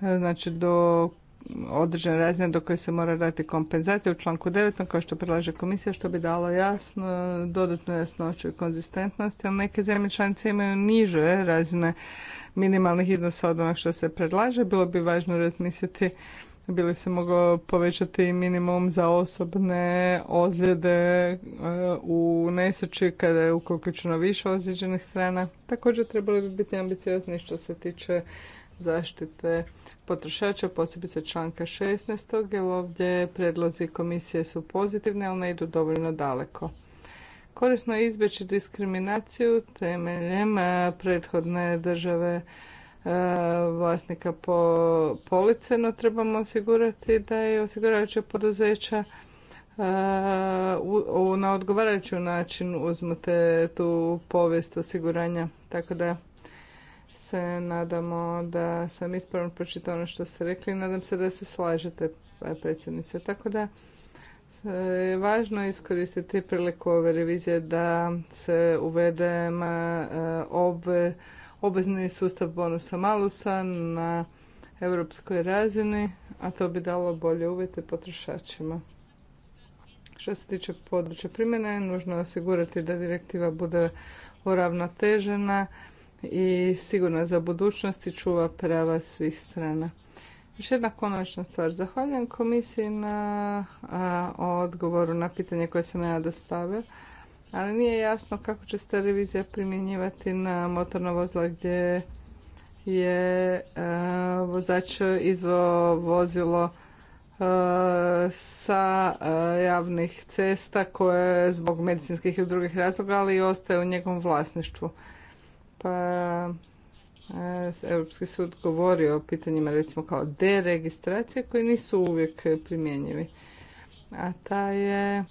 znači do određene razine do koje se mora dati kompenzacija u članku 9. kao što predlaže komisija što bi dalo jasno, dodatnu jasnoću i konzistentnost, jer neke zemlje članice imaju niže razine minimalnih iznosa od onog što se predlaže. Bilo bi važno razmisliti li se moglo povećati minimum za osobne ozljede e, u nesreći kada je uključeno više ozlijeđenih strana. Također trebali bi biti ambiciozni što se tiče zaštite potrošača, posebice članka 16. jer ovdje predlozi komisije su pozitivne, ali ne idu dovoljno daleko. Korisno je izbjeći diskriminaciju temeljem prethodne države vlasnika po police, no trebamo osigurati da je osiguravajuća poduzeća na odgovarajući način uzmete tu povijest osiguranja. Tako da se nadamo da sam ispravno pročitao ono što ste rekli. Nadam se da se slažete, pa, predsjednice. Tako da e, je važno iskoristiti priliku ove revizije da se uvede e, obvezni sustav bonusa malusa na europskoj razini, a to bi dalo bolje uvjete potrošačima. Što se tiče područja primjene, nužno je osigurati da direktiva bude uravnotežena i sigurno za budućnost i čuva prava svih strana. Još jedna konačna stvar. Zahvaljujem komisiji na odgovoru na pitanje koje sam ja dostavio, ali nije jasno kako će se revizija primjenjivati na motorna vozila gdje je vozač izvo vozilo sa javnih cesta koje zbog medicinskih i drugih razloga, ali ostaje u njegovom vlasništvu pa e, Europski sud govori o pitanjima recimo kao deregistracije koji nisu uvijek primjenjivi. A ta je e,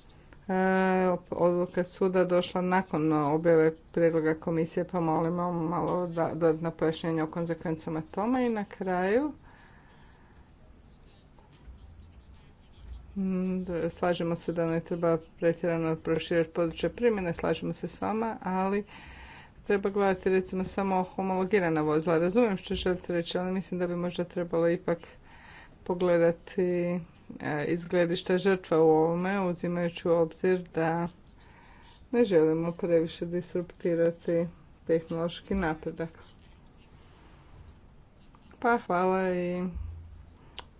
odluka suda došla nakon objave predloga komisije pa molimo malo dodatno pojašnjenje o konzekvencama toma i na kraju slažemo se da ne treba pretjerano proširati područje primjene, slažemo se s vama, ali treba gledati recimo samo homologirana vozila. Razumijem što želite reći, ali mislim da bi možda trebalo ipak pogledati e, izgledišta žrtva u ovome, uzimajući u obzir da ne želimo previše disruptirati tehnološki napredak. Pa hvala i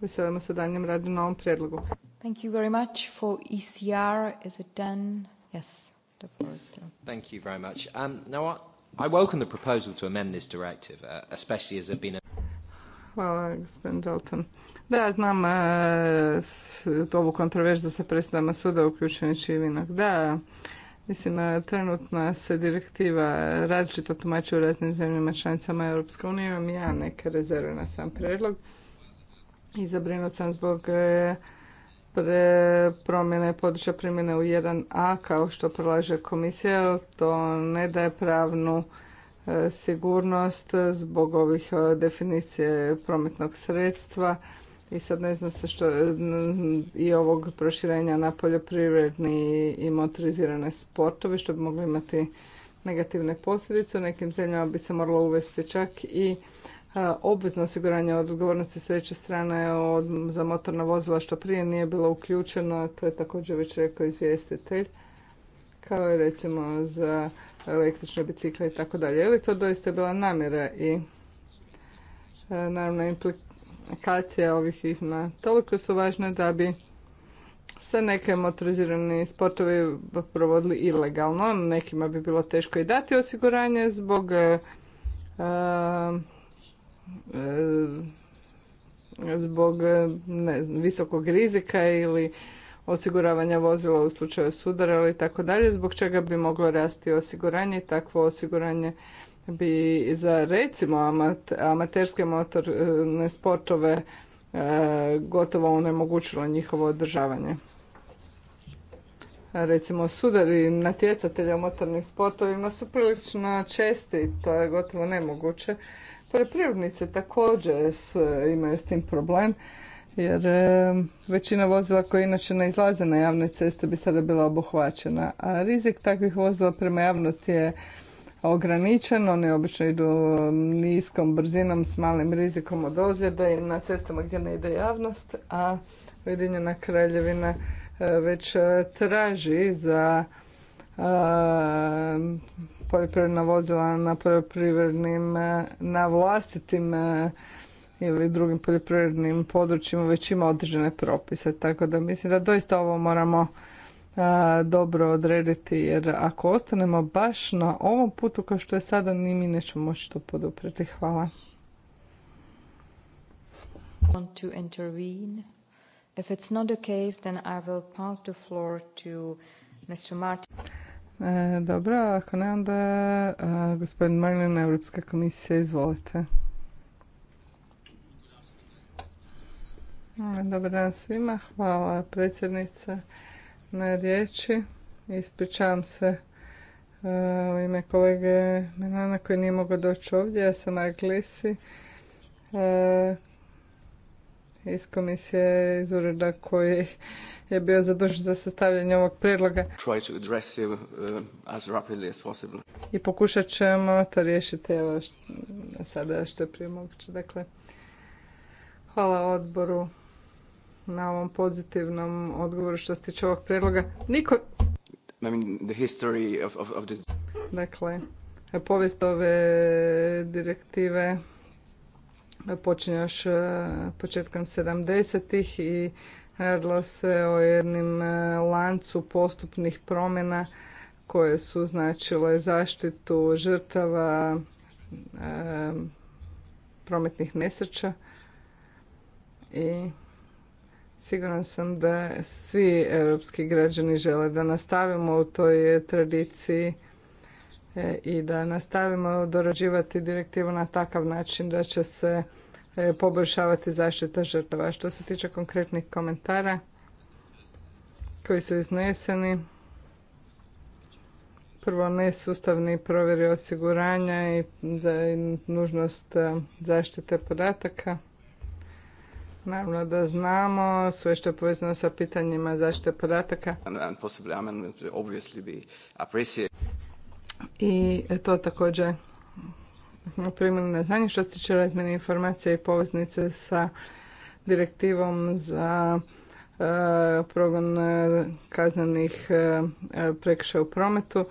veselimo se danjem radu na ovom prijedlogu. Thank you very much for ECR. Is it done? Yes. Thank you very much. Um, now, i welcome the proposal to amend this directive, uh, especially as been a... Hvala, gospodin Dalton. Da, znam uh, ovu kontroverzu sa presudama suda uključujući i vinak. Da, mislim, uh, trenutna se direktiva različito tumači u raznim zemljama članicama Europske unije. Imam ja neke rezerve na sam predlog i zabrinut sam zbog promjene područja primjene u 1a kao što prelaže komisija, to ne daje pravnu e, sigurnost zbog ovih e, definicije prometnog sredstva i sad ne znam se što i ovog proširenja na poljoprivredni i motorizirane sportove što bi mogli imati negativne posljedice. U nekim zemljama bi se moralo uvesti čak i obvezno osiguranje odgovornosti s treće strane za motorna vozila što prije nije bilo uključeno, to je također već rekao izvjestitelj, kao i recimo za električne bicikle i tako dalje. Je li to doista bila namjera i e, naravno implikacija ovih na toliko su važne da bi se neke motorizirani sportovi provodili ilegalno. Nekima bi bilo teško i dati osiguranje zbog e, e, E, zbog e, visokog rizika ili osiguravanja vozila u slučaju sudara ili tako dalje, zbog čega bi moglo rasti osiguranje i takvo osiguranje bi za recimo amaterske motorne sportove e, gotovo onemogućilo njihovo održavanje. Recimo sudari natjecatelja u motornim sportovima su prilično česti, to je gotovo nemoguće Poljoprivrednice također s, imaju s tim problem jer većina vozila koja inače ne izlaze na javne ceste bi sada bila obuhvaćena. A rizik takvih vozila prema javnosti je ograničen, oni obično idu niskom brzinom s malim rizikom od ozljeda i na cestama gdje ne ide javnost, a Ujedinjena kraljevina eh, već eh, traži za poljoprivredna vozila na poljoprivrednim, e, na vlastitim e, ili drugim poljoprivrednim područjima već ima određene propise. Tako da mislim da doista ovo moramo e, dobro odrediti jer ako ostanemo baš na ovom putu kao što je sada ni mi nećemo moći to poduprijeti Hvala. Want to intervene? If E, dobro, ako ne, onda e, gospodin Marlin, Europska komisija, izvolite. E, dobar dan svima, hvala predsjednica na riječi. Ispričavam se e, u ime kolege Menana koji nije mogao doći ovdje, ja sam Mark e, iz komisije iz ureda koji je bio zadužen za sastavljanje ovog prijedloga. Uh, I pokušat ćemo to riješiti evo sada što je prije moguće. Dakle, hvala odboru na ovom pozitivnom odgovoru što se tiče ovog prijedloga. Niko... I mean, the history of, of, of this... Dakle, povijest ove direktive počinje još e, početkom 70-ih i radilo se o jednim e, lancu postupnih promjena koje su značile zaštitu žrtava e, prometnih nesreća i siguran sam da svi europski građani žele da nastavimo u toj tradiciji E, i da nastavimo dorađivati direktivu na takav način da će se e, poboljšavati zaštita žrtava. Što se tiče konkretnih komentara koji su izneseni, prvo nesustavni provjeri osiguranja i nužnost e, zaštite podataka. Naravno da znamo sve što je povezano sa pitanjima zaštite podataka i to također primili na znanje što se tiče razmjene informacije i poveznice sa direktivom za e, progon e, kaznenih e, prekršaja u prometu.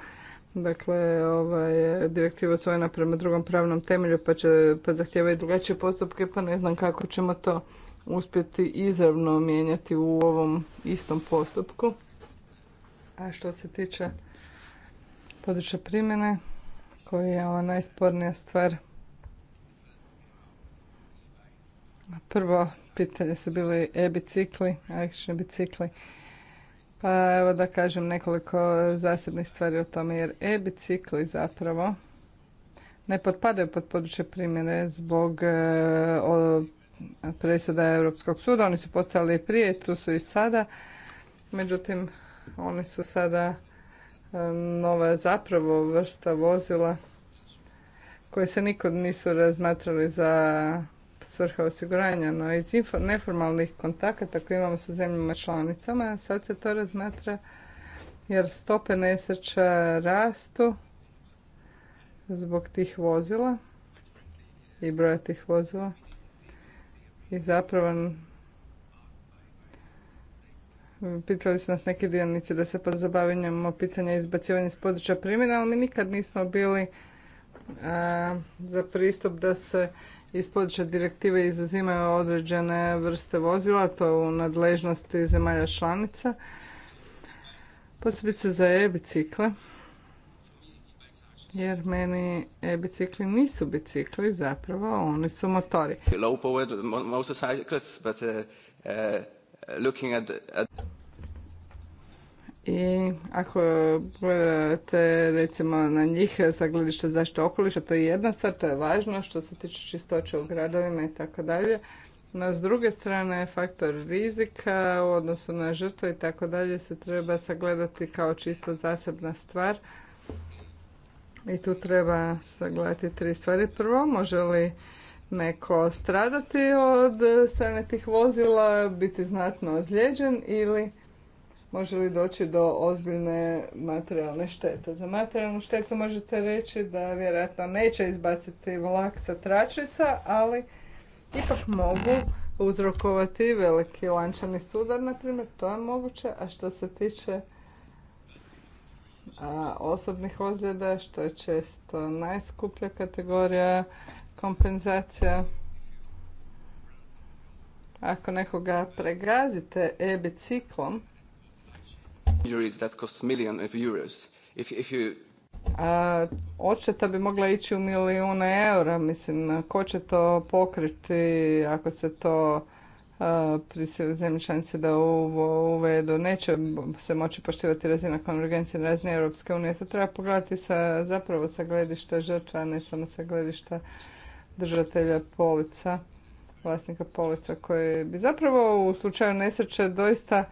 Dakle, ovaj, direktiva osvojena prema drugom pravnom temelju pa, će, pa zahtjeva i drugačije postupke, pa ne znam kako ćemo to uspjeti izravno mijenjati u ovom istom postupku. A što se tiče područja primjene koji je ova najspornija stvar. Prvo pitanje su bili e-bicikli, električni bicikli. Pa evo da kažem nekoliko zasebnih stvari o tome jer e-bicikli zapravo ne potpadaju pod područje primjene zbog e, presuda Europskog suda. Oni su postali i prije, tu su i sada. Međutim, oni su sada nova zapravo vrsta vozila koje se nikod nisu razmatrali za svrha osiguranja, no iz neformalnih kontakata koje imamo sa zemljama članicama, sad se to razmatra jer stope nesreća rastu zbog tih vozila i broja tih vozila i zapravo Pitali su nas neki dionici da se o pitanja izbacivanja iz područja primjene, ali mi nikad nismo bili e, za pristup da se iz područja direktive izuzimaju određene vrste vozila, to u nadležnosti zemalja članica, posebice za e-bicikle, jer meni e-bicikli nisu bicikli, zapravo oni su motori. Low looking at, I ako gledate recimo na njih sa gledišta zašto okoliša, to je jedna stvar, to je važno što se tiče čistoće u gradovima i tako dalje. No, s druge strane je faktor rizika u odnosu na žrtvu i tako dalje se treba sagledati kao čisto zasebna stvar. I tu treba sagledati tri stvari. Prvo, može li neko stradati od strane tih vozila, biti znatno ozlijeđen ili može li doći do ozbiljne materijalne štete. Za materijalnu štetu možete reći da vjerojatno neće izbaciti vlak sa tračica, ali ipak mogu uzrokovati veliki lančani sudar, na primjer, to je moguće, a što se tiče a, osobnih ozljeda, što je često najskuplja kategorija kompenzacija ako nekoga pregazite e-biciklom a bi mogla ići u milijune eura, mislim, ko će to pokriti ako se to prisili zemlje članice da uvedu, neće se moći poštivati razina konvergencije na razini Europske unije. To treba pogledati sa, zapravo sa gledišta žrtva, a ne samo sa gledišta držatelja polica, vlasnika polica koji bi zapravo u slučaju nesreće doista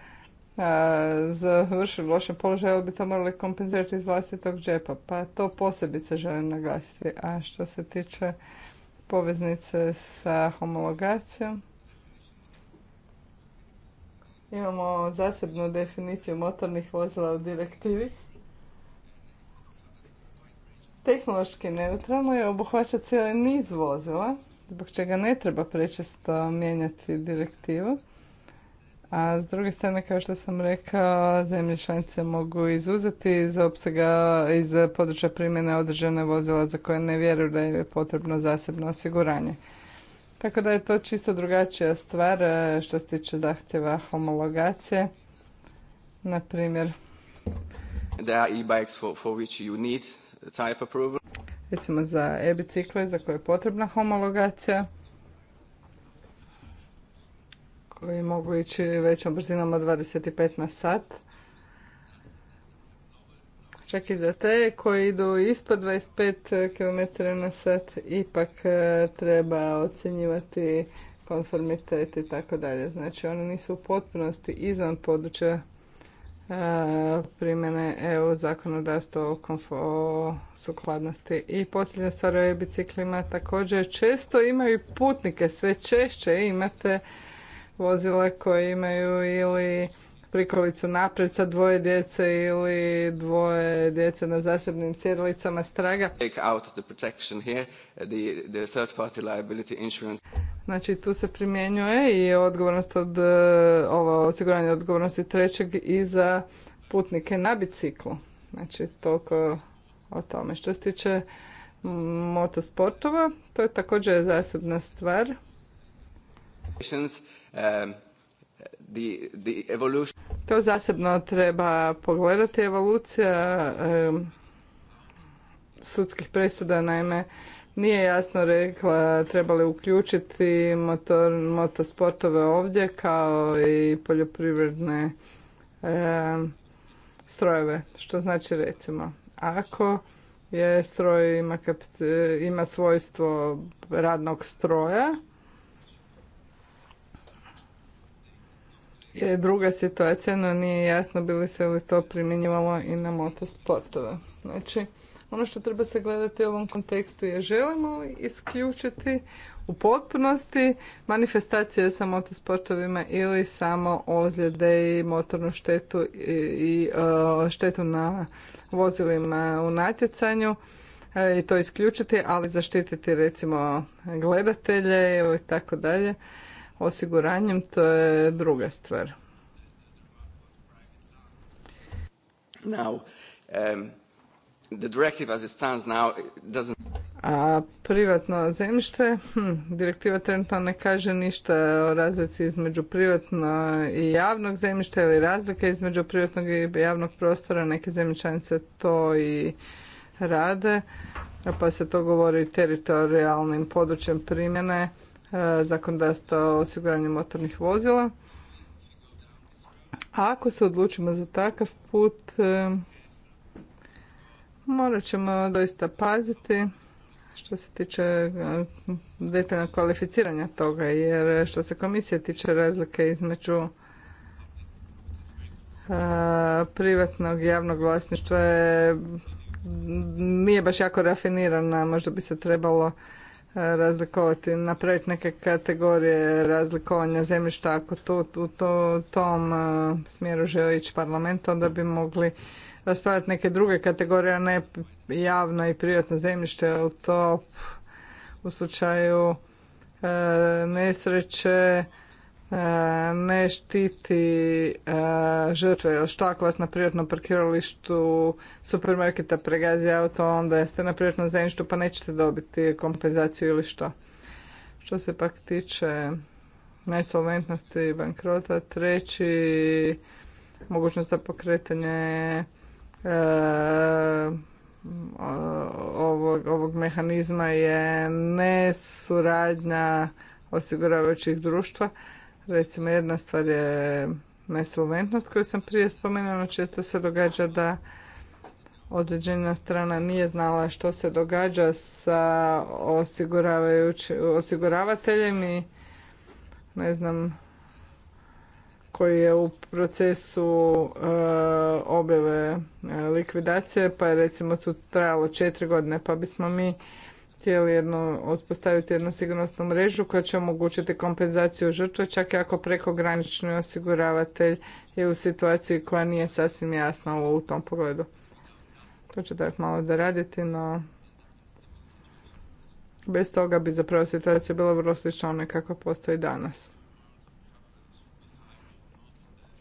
završili loše položaje, ali bi to morali kompenzirati iz vlastitog džepa. Pa to posebice želim naglasiti. A što se tiče poveznice sa homologacijom, imamo zasebnu definiciju motornih vozila u direktivi tehnološki neutralno je obuhvaća cijeli niz vozila, zbog čega ne treba prečesto mijenjati direktivu. A s druge strane, kao što sam rekao, zemlje članice mogu izuzeti iz opsega, iz područja primjene određene vozila za koje ne vjeruju da je potrebno zasebno osiguranje. Tako da je to čisto drugačija stvar e, što se tiče zahtjeva homologacije. Na primjer, there are e-bikes for, for which you need Recimo za e-bicikle za koje je potrebna homologacija koji mogu ići većom brzinom od 25 na sat. Čak i za te koji idu ispod 25 km na sat ipak e, treba ocjenjivati konformitet i tako dalje. Znači oni nisu u potpunosti izvan područja E, primjene EU zakonodavstva o sukladnosti. I posljednja stvar o biciklima također često imaju putnike, sve češće imate vozila koje imaju ili prikolicu naprijed sa dvoje djece ili dvoje djece na zasebnim sjedalicama straga. Uh, znači tu se primjenjuje i odgovornost od uh, ovo osiguranje odgovornosti trećeg i za putnike na biciklu. Znači toliko o tome. Što se tiče mm, motosportova, to je također zasebna stvar. To zasebno treba pogledati. Evolucija sudskih presuda, naime, nije jasno rekla treba li uključiti motor, motosportove ovdje kao i poljoprivredne strojeve. Što znači recimo, ako je stroj ima svojstvo radnog stroja, je druga situacija, no nije jasno bili se li to primjenjivalo i na motosportove. Znači, ono što treba se gledati u ovom kontekstu je želimo li isključiti u potpunosti manifestacije sa motosportovima ili samo ozljede i motornu štetu i, i e, štetu na vozilima u natjecanju e, i to isključiti, ali zaštititi recimo gledatelje ili tako dalje osiguranjem, to je druga stvar. Um, the directive as it stands now doesn't... A privatno zemljište, hm, direktiva trenutno ne kaže ništa o razlici između privatno i javnog zemljišta ili razlike između privatnog i javnog prostora. Neke zemljičanice to i rade, pa se to govori teritorijalnim područjem primjene E, zakonodavstva o osiguranju motornih vozila. A ako se odlučimo za takav put, e, morat ćemo doista paziti što se tiče e, detaljna kvalificiranja toga, jer što se komisije tiče razlike između privatnog i javnog vlasništva je, nije baš jako rafinirana, možda bi se trebalo razlikovati, napraviti neke kategorije razlikovanja zemljišta ako to, u to, tom e, smjeru želi ići parlament, onda bi mogli raspravljati neke druge kategorije, a ne javno i privatno zemljište, u to u slučaju e, nesreće E, ne štiti e, žrtve. što ako vas na privatnom parkiralištu supermarketa pregazi auto, onda ste na privatnom zemljištu pa nećete dobiti kompenzaciju ili što. Što se pak tiče nesolventnosti i bankrota, treći mogućnost za pokretanje e, ovog, ovog mehanizma je nesuradnja osiguravajućih društva Recimo, jedna stvar je nesolventnost koju sam prije spomenula. Ono često se događa da određena strana nije znala što se događa sa osiguravateljem i ne znam koji je u procesu e, objave eh, likvidacije, pa je recimo tu trajalo četiri godine, pa bismo mi htjeli jedno, uspostaviti jednu sigurnosnu mrežu koja će omogućiti kompenzaciju žrtve, čak i ako prekogranični osiguravatelj je u situaciji koja nije sasvim jasna u tom pogledu. To će tako malo da raditi, no bez toga bi zapravo situacija bila vrlo slična onoj kakva postoji danas.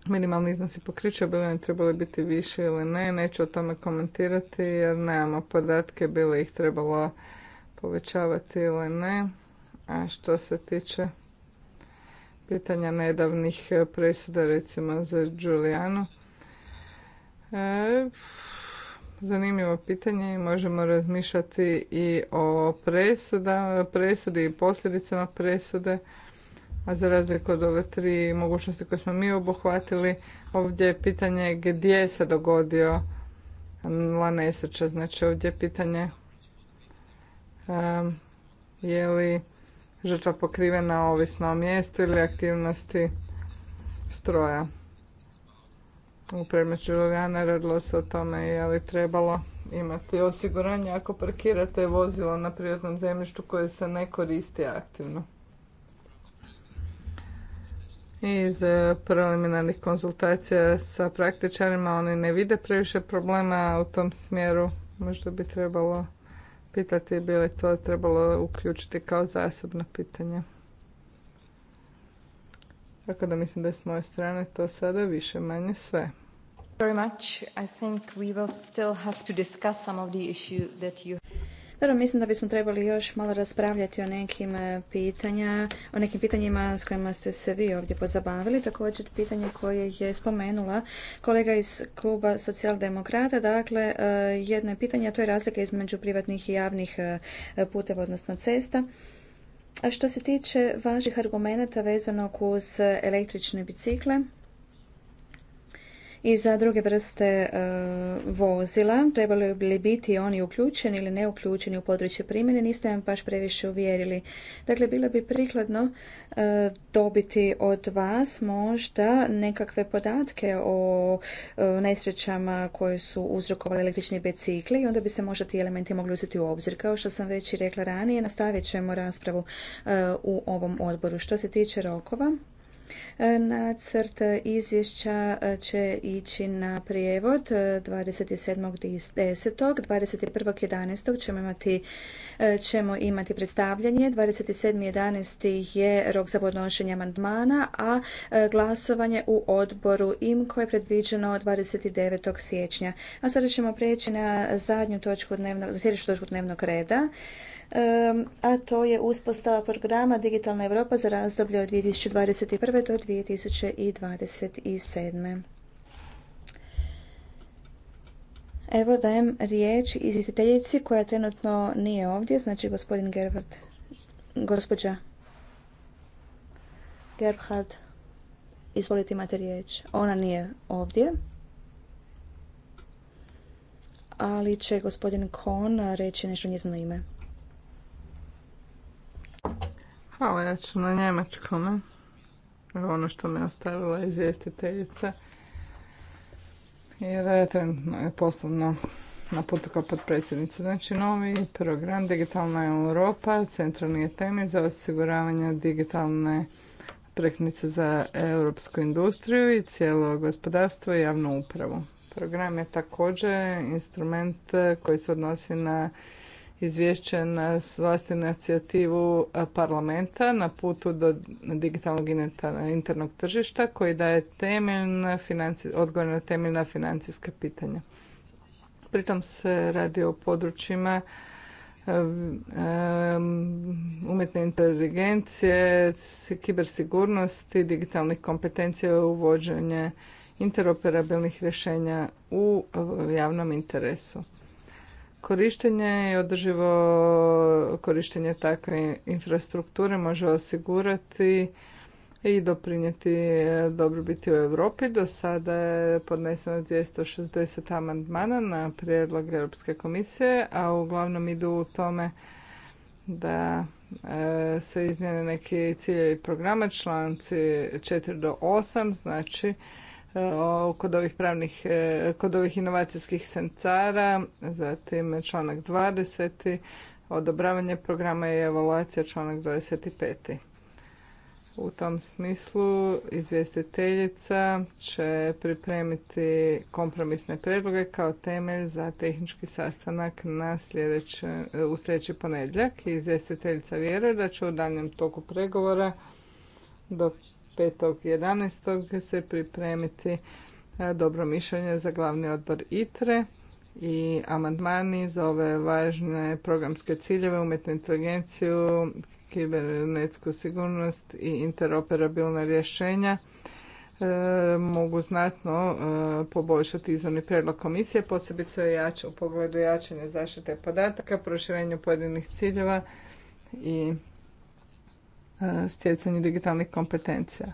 Minimalni iznosi pokrića bili oni trebali biti više ili ne, neću o tome komentirati jer nemamo podatke, bilo ih trebalo povećavati ili ne. A što se tiče pitanja nedavnih presuda, recimo za Giuliano, e, zanimljivo pitanje i možemo razmišljati i o presuda, presudi i posljedicama presude. A za razliku od ove tri mogućnosti koje smo mi obuhvatili, ovdje je pitanje gdje se dogodio nesreća. Znači ovdje je pitanje je li žrtva pokrivena ovisno o mjestu ili aktivnosti stroja. U predmeću Julijana radilo se o tome je li trebalo imati osiguranje ako parkirate vozilo na privatnom zemljištu koje se ne koristi aktivno. Iz e, preliminarnih konzultacija sa praktičarima oni ne vide previše problema u tom smjeru. Možda bi trebalo pitati bi li to trebalo uključiti kao zasebno pitanje. Tako da mislim da je s moje strane to sada više manje sve. Very much. I think we will still have to discuss some of the issues that you dobro, mislim da bismo trebali još malo raspravljati o nekim e, pitanja, o nekim pitanjima s kojima ste se vi ovdje pozabavili. Također pitanje koje je spomenula kolega iz kluba socijaldemokrata. Dakle, e, jedno je pitanje, a to je razlika između privatnih i javnih e, puteva, odnosno cesta. A što se tiče vaših argumenata vezano uz električne bicikle, i za druge vrste e, vozila. Trebali bi biti oni uključeni ili ne uključeni u područje primjene, niste vam baš previše uvjerili. Dakle, bilo bi prikladno e, dobiti od vas možda nekakve podatke o e, nesrećama koje su uzrokovali električni bicikli i onda bi se možda ti elementi mogli uzeti u obzir. Kao što sam već i rekla ranije, nastavit ćemo raspravu u ovom odboru. Što se tiče rokova, Nacrt izvješća e, će ići na prijevod 27.10. E, 21.11. ćemo imati e, ćemo imati predstavljanje. 27.11. je rok za podnošenje amandmana, a glasovanje u odboru im koje je predviđeno 29. siječnja. A sada ćemo preći na zadnju točku dnevnog, sljedeću točku dnevnog reda a to je uspostava programa Digitalna Europa za razdoblje od 2021. do 2027. Evo dajem riječ izvjestiteljici koja trenutno nije ovdje, znači gospodin Gerhard, gospođa Gerhard, izvolite imate riječ. Ona nije ovdje, ali će gospodin Kon reći nešto njezino ime. Hvala, ja ću na njemačkom. Ono što me ostavila izvjestiteljica. Jer e, trenutno je poslovno na putu kao potpredsjednica. Znači, novi program Digitalna Europa, centralni je temelj za osiguravanje digitalne preknice za europsku industriju i cijelo gospodarstvo i javnu upravu. Program je također instrument e, koji se odnosi na izvješće na vlastitu inicijativu e, parlamenta na putu do digitalnog internog tržišta koji daje temeljna odgovor na temeljna financijska pitanja. Pritom se radi o područjima e, umjetne inteligencije, kibersigurnosti, digitalnih kompetencija i uvođenje interoperabilnih rješenja u e, javnom interesu. Korištenje i održivo korištenje takve infrastrukture može osigurati i doprinijeti dobrobiti u Europi. Do sada je podneseno 260 amandmana na prijedlog Europske komisije, a uglavnom idu u tome da e, se izmjene neki ciljevi programa, članci 4 do 8, znači E, kod ovih pravnih, e, kod ovih inovacijskih centara, zatim članak 20. odobravanje programa i evaluacija članak 25. U tom smislu izvjestiteljica će pripremiti kompromisne predloge kao temelj za tehnički sastanak na sljedeći, u sljedeći ponedjeljak. Izvjestiteljica vjeruje da će u daljnjem toku pregovora do 5.11. se pripremiti dobro mišljenje za glavni odbor ITRE i amandmani za ove važne programske ciljeve, umjetnu inteligenciju, kibernetsku sigurnost i interoperabilna rješenja e, mogu znatno e, poboljšati izvorni prijedlog komisije, posebice u pogledu jačanja zaštite podataka, proširenju pojedinih ciljeva i E, stjecanju digitalnih kompetencija.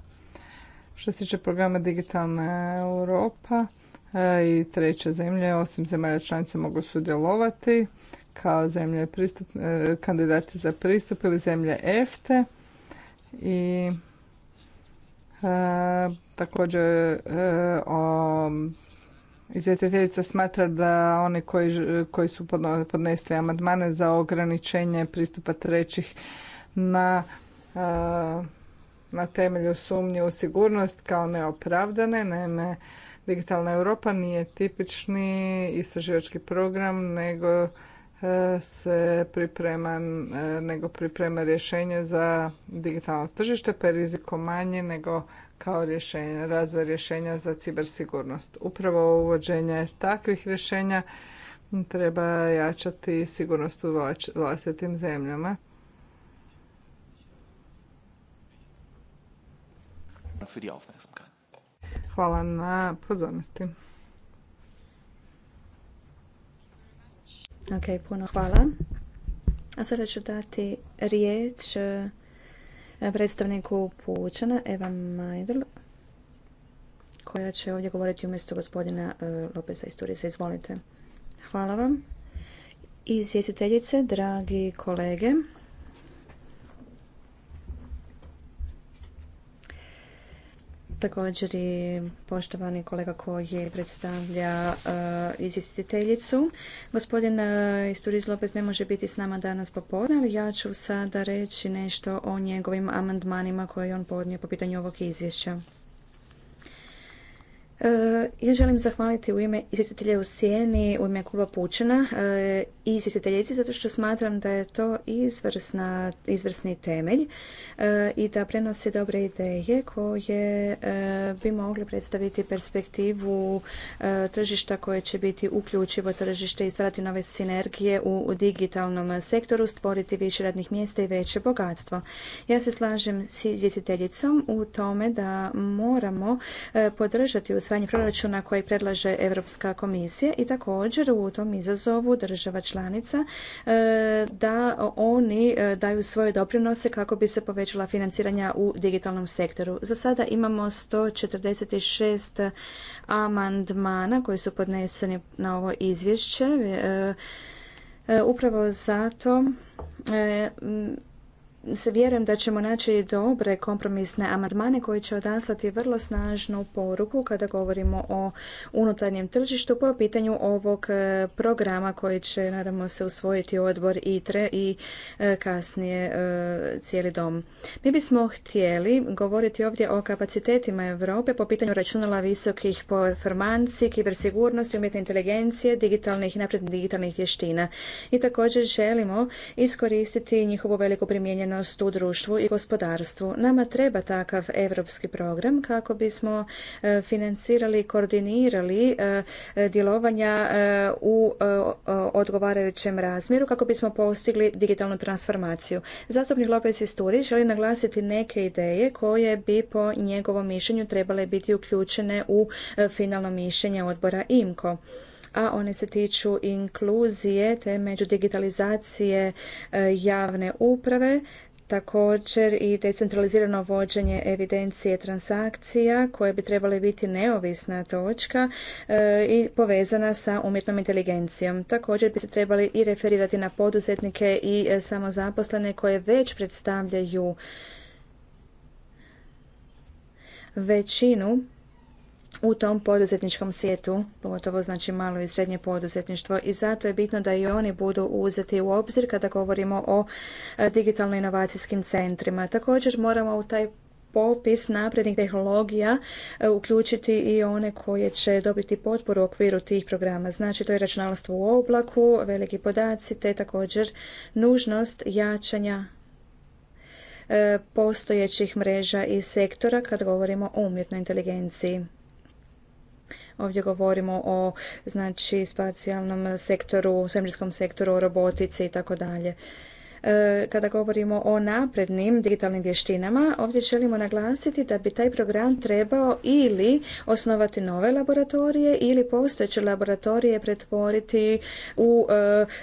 Što se tiče programa Digitalna Europa e, i treće zemlje, osim zemalja članice mogu sudjelovati kao zemlje e, kandidati za pristup ili zemlje EFTE i također o, izvjetiteljica smatra da oni koji, koji su podnesli amandmane za ograničenje pristupa trećih na E, na temelju sumnje u sigurnost kao neopravdane. Naime, Digitalna Europa nije tipični istraživački program, nego e, se priprema, e, nego priprema rješenje za digitalno tržište, pa je riziko manje nego kao rješenje, razvoj rješenja za cibersigurnost. Upravo uvođenje takvih rješenja treba jačati sigurnost u vlastitim zemljama. für die Aufmerksamkeit. Hvala na pozornosti. Ok, puno hvala. A sada ću dati riječ e, predstavniku Pučana, Evan Majdl, koja će ovdje govoriti umjesto gospodina e, Lopesa iz Turisa. Izvolite. Hvala vam. Izvjestiteljice, dragi kolege, također i poštovani kolega koji predstavlja uh, izvjestiteljicu. Gospodin e, Isturiz Lopez ne može biti s nama danas popodne, ja ću sada reći nešto o njegovim amandmanima koje je on podnio po pitanju ovog izvješća. E, ja želim zahvaliti u ime izvjestitelja u Sijeni, u ime kluba Pučena i izvjestiteljici zato što smatram da je to izvrsni temelj e, i da prenosi dobre ideje koje e, bi mogli predstaviti perspektivu e, tržišta koje će biti uključivo tržište i stvarati nove sinergije u, digitalnom sektoru, stvoriti više radnih mjesta i veće bogatstvo. Ja se slažem s izvjestiteljicom u tome da moramo podržati usvajanje proračuna koji predlaže Europska komisija i također u tom izazovu država članica članica e, da oni e, daju svoje doprinose kako bi se povećala financiranja u digitalnom sektoru. Za sada imamo 146 amandmana koji su podneseni na ovo izvješće. E, upravo zato vjerujem da ćemo naći dobre kompromisne amandmane koji će odaslati vrlo snažnu poruku kada govorimo o unutarnjem tržištu po pitanju ovog e, programa koji će naravno se usvojiti odbor ITRE i e, kasnije e, cijeli dom. Mi bismo htjeli govoriti ovdje o kapacitetima Europe po pitanju računala visokih performanci, kibersigurnosti, umjetne inteligencije, digitalnih i naprednih digitalnih vještina. I također želimo iskoristiti njihovu veliku primjenjenu doprinost u društvu i gospodarstvu. Nama treba takav europski program kako bismo e, financirali i koordinirali e, djelovanja e, u odgovarajućem razmjeru kako bismo postigli digitalnu transformaciju. Zastupnik Lopez Isturi želi naglasiti neke ideje koje bi po njegovom mišljenju trebale biti uključene u finalno mišljenje odbora IMCO a one se tiču inkluzije te digitalizacije e, javne uprave, također i decentralizirano vođenje evidencije transakcija koje bi trebale biti neovisna točka e, i povezana sa umjetnom inteligencijom. Također bi se trebali i referirati na poduzetnike i e, samozaposlene koje već predstavljaju većinu u tom poduzetničkom svijetu, pogotovo znači malo i srednje poduzetništvo i zato je bitno da i oni budu uzeti u obzir kada govorimo o e, digitalno inovacijskim centrima. Također moramo u taj popis naprednih tehnologija e, uključiti i one koje će dobiti potporu u okviru tih programa. Znači to je računalstvo u oblaku, veliki podaci te također nužnost jačanja e, postojećih mreža i sektora kad govorimo o umjetnoj inteligenciji. Ovdje govorimo o znači spacijalnom sektoru, svemirskom sektoru, robotici i tako dalje. E, kada govorimo o naprednim digitalnim vještinama, ovdje želimo naglasiti da bi taj program trebao ili osnovati nove laboratorije ili postojeće laboratorije pretvoriti u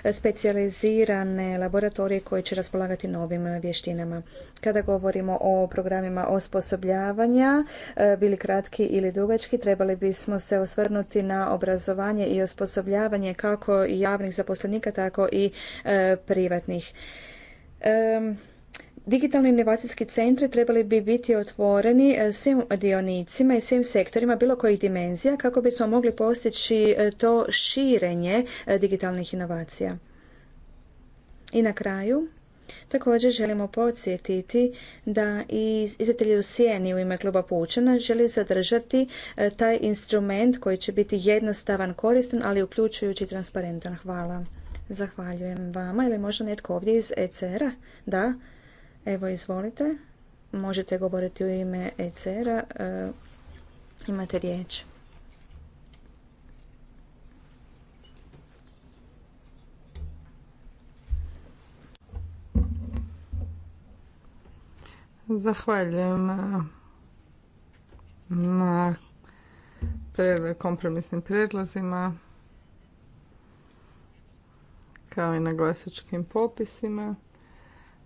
e, specijalizirane laboratorije koje će raspolagati novim vještinama. Kada govorimo o programima osposobljavanja, e, bili kratki ili dugački, trebali bismo se osvrnuti na obrazovanje i osposobljavanje kako i javnih zaposlenika, tako i privatnih. Digitalni inovacijski centri trebali bi biti otvoreni e, svim dionicima i svim sektorima bilo kojih dimenzija kako bismo mogli postići e, to širenje e, digitalnih inovacija. I na kraju, Također želimo podsjetiti da i izvjetelji u Sijeni u ime kluba Pučana želi zadržati taj instrument koji će biti jednostavan, koristan, ali uključujući i transparentan. Hvala. Zahvaljujem vama. Ili možda netko ovdje iz ECR-a? Da. Evo, izvolite. Možete govoriti u ime ECR-a. E, imate riječ. Zahvaljujem e, na kompromisnim predlozima kao i na glasačkim popisima.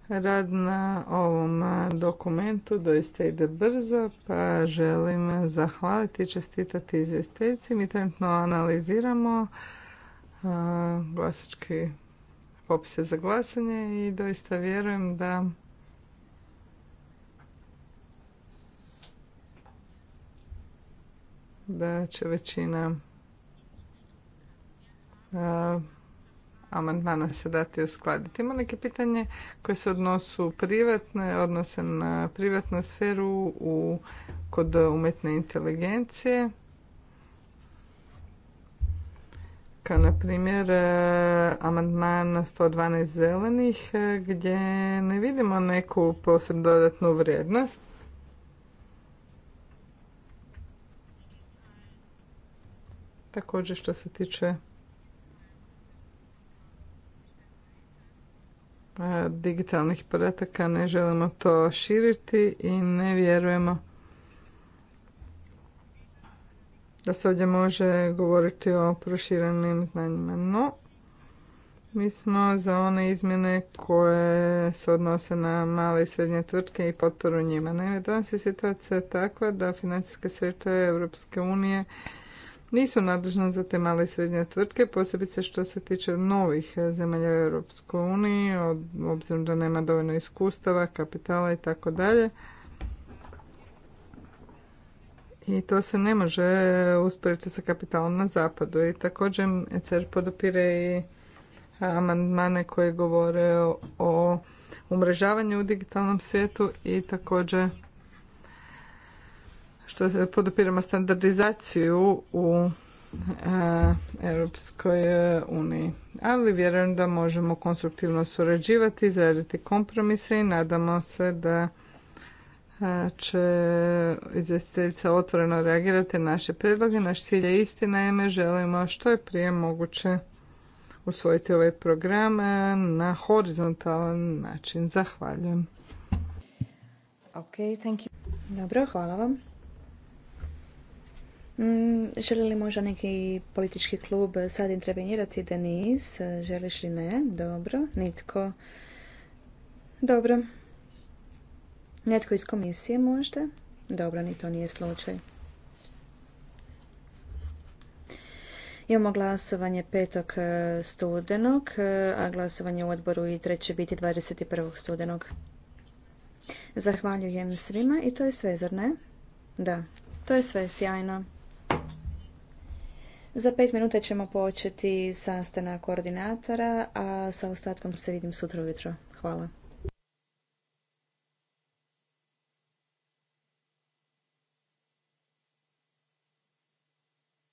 Rad na ovom dokumentu doista ide brzo, pa želim zahvaliti i čestitati izvjestiteljici. Mi trenutno analiziramo glasački popise za glasanje i doista vjerujem da da će većina amandmana se dati uskladiti. Ima neke pitanje koje se odnosu privatne, odnose na privatnu sferu u, kod umjetne inteligencije. Kao na primjer e, amandman 112 zelenih e, gdje ne vidimo neku posebno dodatnu vrijednost. Također što se tiče E, digitalnih podataka, ne želimo to širiti i ne vjerujemo da se ovdje može govoriti o proširenim znanjima. No, mi smo za one izmjene koje se odnose na male i srednje tvrtke i potporu njima. Naime, danas je situacija takva da financijske sredstva Europske unije nisu nadležna za te male i srednje tvrtke, posebice što se tiče novih e, zemalja u Europskoj uniji, obzirom da nema dovoljno iskustava, kapitala i tako dalje. I to se ne može e, usporediti sa kapitalom na zapadu. I također ECR podopire i e, amandmane koje govore o umrežavanju u digitalnom svijetu i također što podupiramo standardizaciju u e, Europskoj e, uniji. Ali vjerujem da možemo konstruktivno surađivati, izraditi kompromise i nadamo se da e, će izvjestiteljica otvoreno reagirati na naše predloge. Naš cilj je isti, naime želimo što je prije moguće usvojiti ovaj program na horizontalan način. Zahvaljujem. Dobro, hvala vam. Mm, želi li možda neki politički klub sad intervenirati? Denis, želiš li ne? Dobro. Nitko? Dobro. Netko iz komisije možda? Dobro, ni to nije slučaj. Imamo glasovanje petog e, studenog, e, a glasovanje u odboru i treće biti 21. studenog. Zahvaljujem svima i to je sve, zar ne? Da, to je sve sjajno. Za pet minuta ćemo početi sastanak koordinatora, a sa ostatkom se vidim sutra ujutro. Hvala.